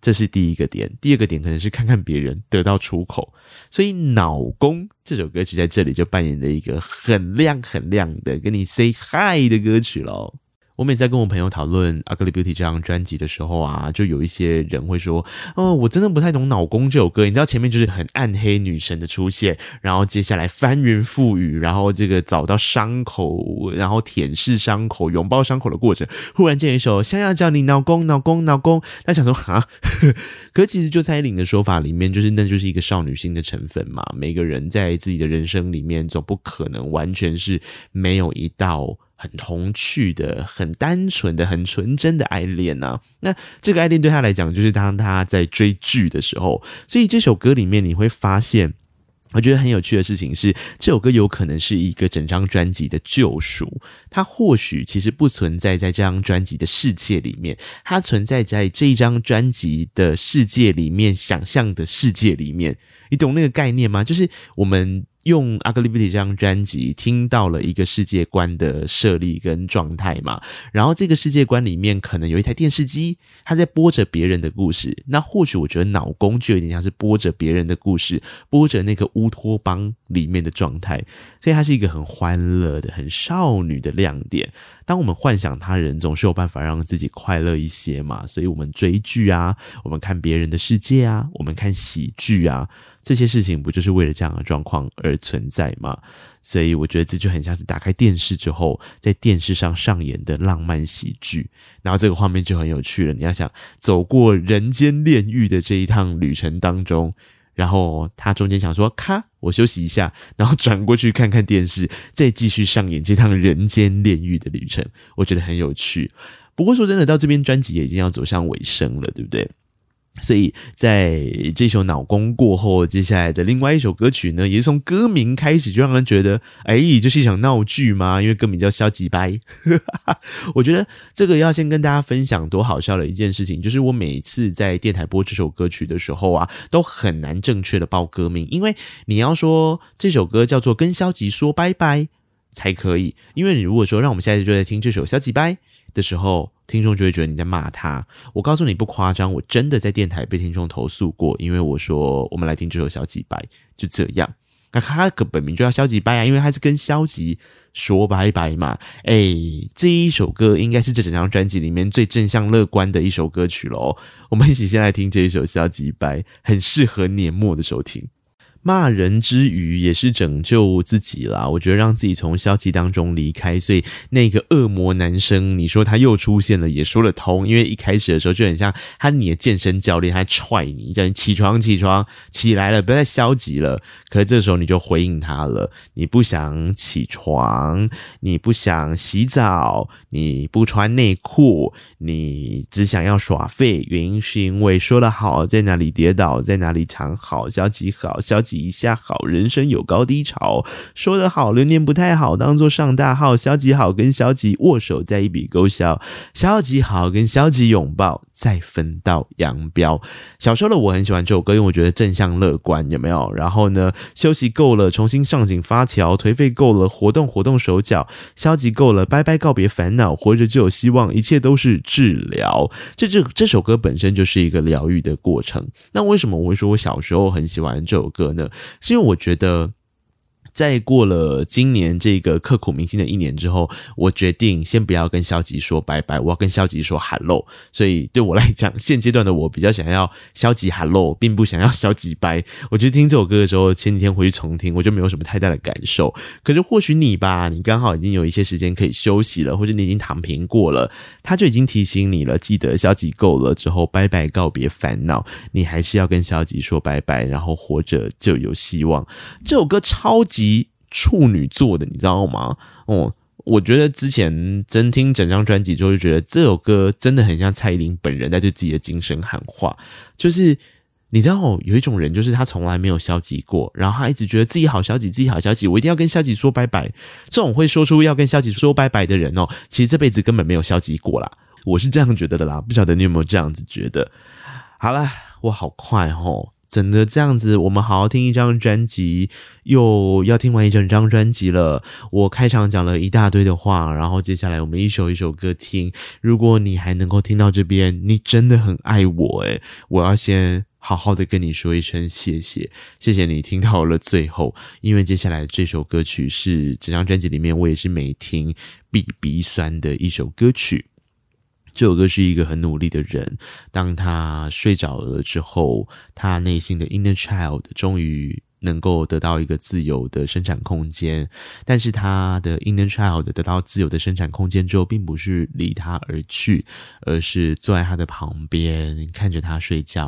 這是第一個點。第二個點可能是看看別人得到出口，所以《腦公》這首歌曲在這裡就扮演了一個很亮很亮的，跟你 say hi 的歌曲嘍。我每次在跟我朋友討論《Ugly Beauty》這張專輯的時候啊，就有一些人會說：“哦，我真的不太懂《腦公》這首歌。”你知道前面就是很暗黑女神的出現，然後接下來翻雲覆雨，然後這個找到傷口，然後舔舐傷口、擁抱傷口的過程。忽然間一首想要叫你腦公腦公腦公，他想說啊， [LAUGHS] 可是其實就蔡依林的說法裡面，就是那就是一個少女心的成分嘛。每個人在自己的人生裡面，總不可能完全是沒有一道。很童趣的、很單純的、很純真的愛戀吶、啊。那這個愛戀對他來講，就是當他在追劇的時候。所以這首歌裡面，你會發現，我覺得很有趣的事情是，這首歌有可能是一個整張專輯的救贖。它或許其實不存在在這張專輯的世界裡面，它存在在這張專輯的世界裡面、想象的世界裡面。你懂那個概念嗎？就是我們。用《Ugly Beauty》這張專輯聽到了一個世界觀的設立跟狀態嘛，然後這個世界觀裡面可能有一台電視機，它在播着別人的故事。那或許我覺得腦公就有點像是播着別人的故事，播着那個烏托邦裡面的狀態，所以它是一個很歡樂的、很少女的亮點。當我們幻想他人，總是有辦法讓自己快樂一些嘛，所以我們追劇啊，我們看別人的世界啊，我們看喜劇啊。這些事情不就是為了這樣的狀況而存在嗎？所以我覺得這就很像是打開電視之後，在電視上上演的浪漫喜劇。然後這個畫面就很有趣了。你要想走過人間煉獄的這一趟旅程當中，然後他中間想說：“咔，我休息一下。”然後轉過去看看電視，再繼續上演這趟人間煉獄的旅程。我覺得很有趣。不過說真的，到這邊專輯也已經要走向尾聲了，對不對？所以在這首腦公過後，接下來的另外一首歌曲呢，也是從歌名開始就讓人覺得，哎、欸，這是一場鬧劇嗎？因為歌名叫《消極掰。》 [LAUGHS] 我覺得這個要先跟大家分享多好笑的一件事情，就是我每次在電台播這首歌曲的時候啊，都很難正確的報歌名，因為你要說這首歌叫做《跟消極說拜拜》才可以，因為你如果說讓我們下集就來聽這首《消極掰》的時候，聽眾就會覺得你在罵他。我告訴你不誇張，我真的在電台被聽眾投訴過，因為我說我們來聽這首《消極掰》，就這樣。那他可本名就叫消極掰呀，啊，因為他是跟消極說拜拜嘛。哎、欸，這一首歌應該是這整張專輯裡面最正向樂觀的一首歌曲咯。我們一起先來聽這一首《消極掰》，很適合年末的收聽。罵人之餘，也是拯救自己啦，我覺得讓自己從消極當中離開，所以那個惡魔男生，你說他又出現了，也說得通。因為一開始的時候就很像他你的健身教練，他踹你，叫你起床，起床，起來了，不要再消極了。可是這時候你就回應他了，你不想起床，你不想洗澡，你不穿內褲，你只想要耍廢。原因是因為說得好，在哪裡跌倒，在哪裡躺好，消極好，消極，一下好，人生有高低潮，說得好，流年不太好，當做上大號，消極好，跟消極握手，再一筆勾銷；消極好，跟消極擁抱，再分道揚鑣。小時候的我很喜歡這首歌，因為我覺得正向樂觀，有沒有？然後呢，休息夠了，重新上緊發條；頹廢夠了，活動活動手腳；消極夠了，拜拜告別煩惱，活着就有希望，一切都是治療。這這這首歌本身就是一個療癒的過程。那為什麼我會說我小時候很喜歡這首歌呢？是因為我覺得。在過了今年這個刻骨銘心的一年之後，我決定先不要跟消極說拜拜，我要跟消極說 hello。所以對我來講，現階段的我比較想要消極 hello，並不想要消極拜。我覺得聽這首歌的時候，前幾天回去重聽，我就沒有什麼太大的感受。可是或許你吧，你剛好已經有一些時間可以休息了，或者你已經躺平過了，他就已經提醒你了，記得消極夠了之後拜拜告別煩惱，你還是要跟消極說拜拜，然後活着就有希望。這首歌超級。處女座的，你知道嗎？哦、嗯，我覺得之前真聽整張專輯之後，就覺得這首歌真的很像蔡依林本人在對自己的精神喊話。就是你知道、哦，有一種人，就是他從來沒有消極過，然後他一直覺得自己好消極，自己好消極，我一定要跟消極說拜拜。這種會說出要跟消極說拜拜的人哦，其實這輩子根本沒有消極過啦。我是這樣覺得的啦，不曉得你有沒有這樣子覺得？好了，我好快哦。整的這樣子，我們好好聽一張專輯，又要聽完一整張專輯了。我開場講了一大堆的話，然後接下來我們一首一首歌聽。如果你還能夠聽到這邊，你真的很愛我誒、欸，我要先好好的跟你說一聲謝謝，謝謝你聽到了最後，因為接下來這首歌曲是整張專輯裡面我也是每聽必鼻，鼻酸的一首歌曲。這首歌是一個很努力的人。當他睡着了之後，他內心的 inner child 終於能夠得到一個自由的生產空間。但是他的 inner child 得到自由的生產空間之後，並不是離他而去，而是坐在他的旁邊，看着他睡覺，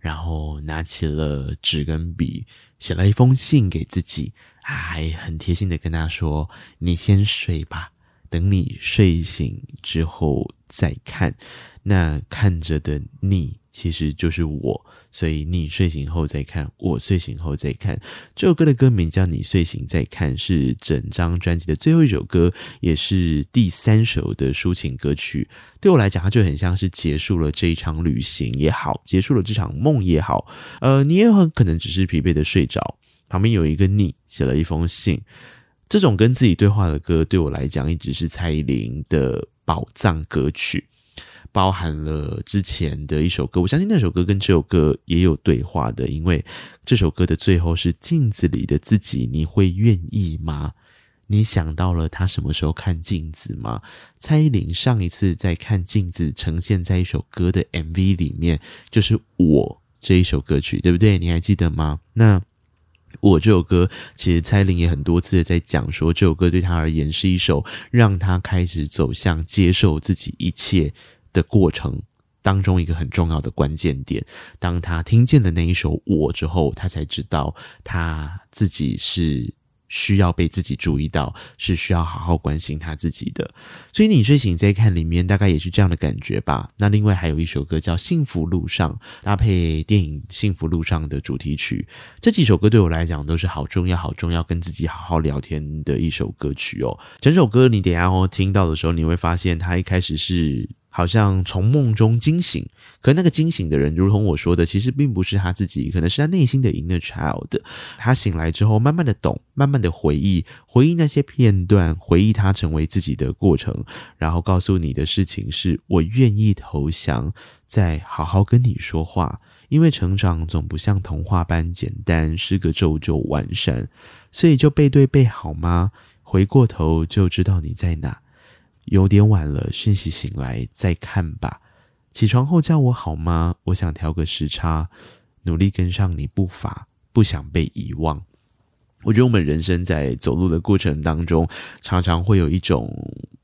然後拿起了紙跟筆，寫了一封信給自己，還很貼心的跟他說：“你先睡吧。”等你睡醒之後再看，那看着的你其實就是我，所以你睡醒後再看，我睡醒後再看。這首歌的歌名叫《你睡醒再看》，是整張專輯的最後一首歌，也是第三首的抒情歌曲。對我來講，它就很像是結束了這一場旅行也好，結束了這場夢也好，呃，你也很可能只是疲憊地睡着。旁邊有一個你寫了一封信。這種跟自己對話的歌，對我來講一直是蔡依林的寶藏歌曲，包含了之前的一首歌。我相信那首歌跟這首歌也有對話的，因為這首歌的最後是鏡子裡的自己，你會願意嗎？你想到了他什麼時候看鏡子嗎？蔡依林上一次在看鏡子呈現在一首歌的 MV 裡面，就是《我》這一首歌曲，對不對？你還記得嗎？那。我這首歌，其實蔡依林也很多次的在講說，這首歌對她而言是一首讓她開始走向接受自己一切的過程當中一個很重要的關鍵點。當她聽見的那一首《我》之後，她才知道她自己是。需要被自己注意到，是需要好好關心他自己的。所以你睡醒再看裡面，大概也是這樣的感覺吧。那另外還有一首歌叫《幸福路上》，搭配電影《幸福路上》的主題曲。這幾首歌對我來講都是好重要、好重要，跟自己好好聊天的一首歌曲哦。整首歌你等下哦，聽到的時候你會發現它一開始是。好像從夢中驚醒，可那個驚醒的人，如同我說的，其實並不是他自己，可能是他內心的 inner child。他醒來之後，慢慢的懂，慢慢的回憶，回憶那些片段，回憶他成為自己的過程，然後告訴你的事情是：我願意投降，再好好跟你說話。因為成長總不像童話般簡單，是個咒咒完善，所以就背對背好嗎？回過頭就知道你在哪。有點晚了，訊息醒來再看吧。起床後叫我好嗎？我想調個時差，努力跟上你步伐，不想被遺忘。我覺得我們人生在走路的過程當中，常常會有一種。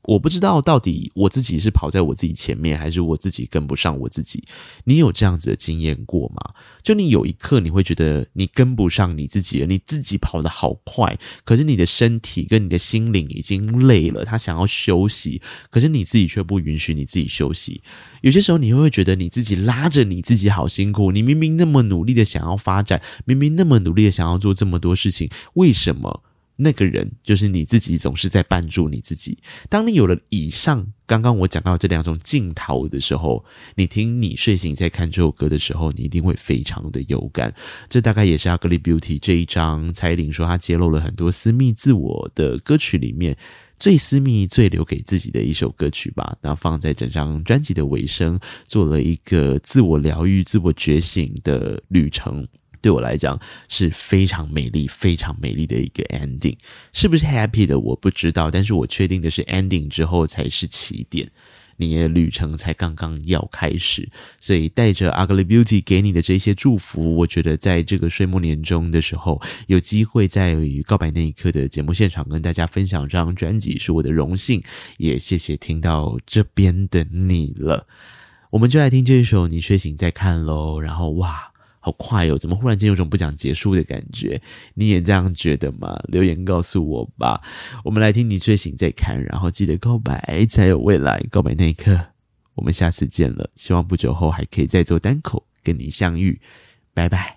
我不知道到底我自己是跑在我自己前面，還是我自己跟不上我自己。你有這樣子的經驗過嗎？就你有一刻你會覺得你跟不上你自己了，你自己跑得好快，可是你的身體跟你的心靈已經累了，他想要休息，可是你自己卻不允許你自己休息。有些時候你會覺得你自己拉着你自己好辛苦，你明明那麼努力的想要發展，明明那麼努力的想要做這麼多事情，為什麼？那個人就是你自己，總是在幫助你自己。當你有了以上剛剛我講到這兩種鏡頭的時候，你聽你睡醒在看這首歌的時候，你一定會非常的有感。這大概也是《Ugly Beauty》這一張蔡依林說她揭露了很多私密自我的歌曲裡面最私密、最留給自己的一首歌曲吧。然後放在整張專輯的尾聲，做了一個自我療癒、自我覺醒的旅程。對我來講是非常美麗、非常美麗的一個 ending，是不是 happy 的我不知道，但是我確定的是 ending 之後才是起點，你的旅程才剛剛要開始。所以帶着 Ugly Beauty 給你的這些祝福，我覺得在這個歲末年終的時候，有機會在與告白那一刻的節目現場跟大家分享這張專輯是我的榮幸，也謝謝聽到這邊的你了。我們就來聽這首《你睡醒再看嘍》，然後哇！好快哦！怎麼忽然間有種不想結束的感覺？你也這樣覺得嗎？留言告訴我吧。我們來聽你睡醒再看，然後記得告白才有未來。告白那一刻，我們下次見了。希望不久後還可以再做單口跟你相遇。拜拜。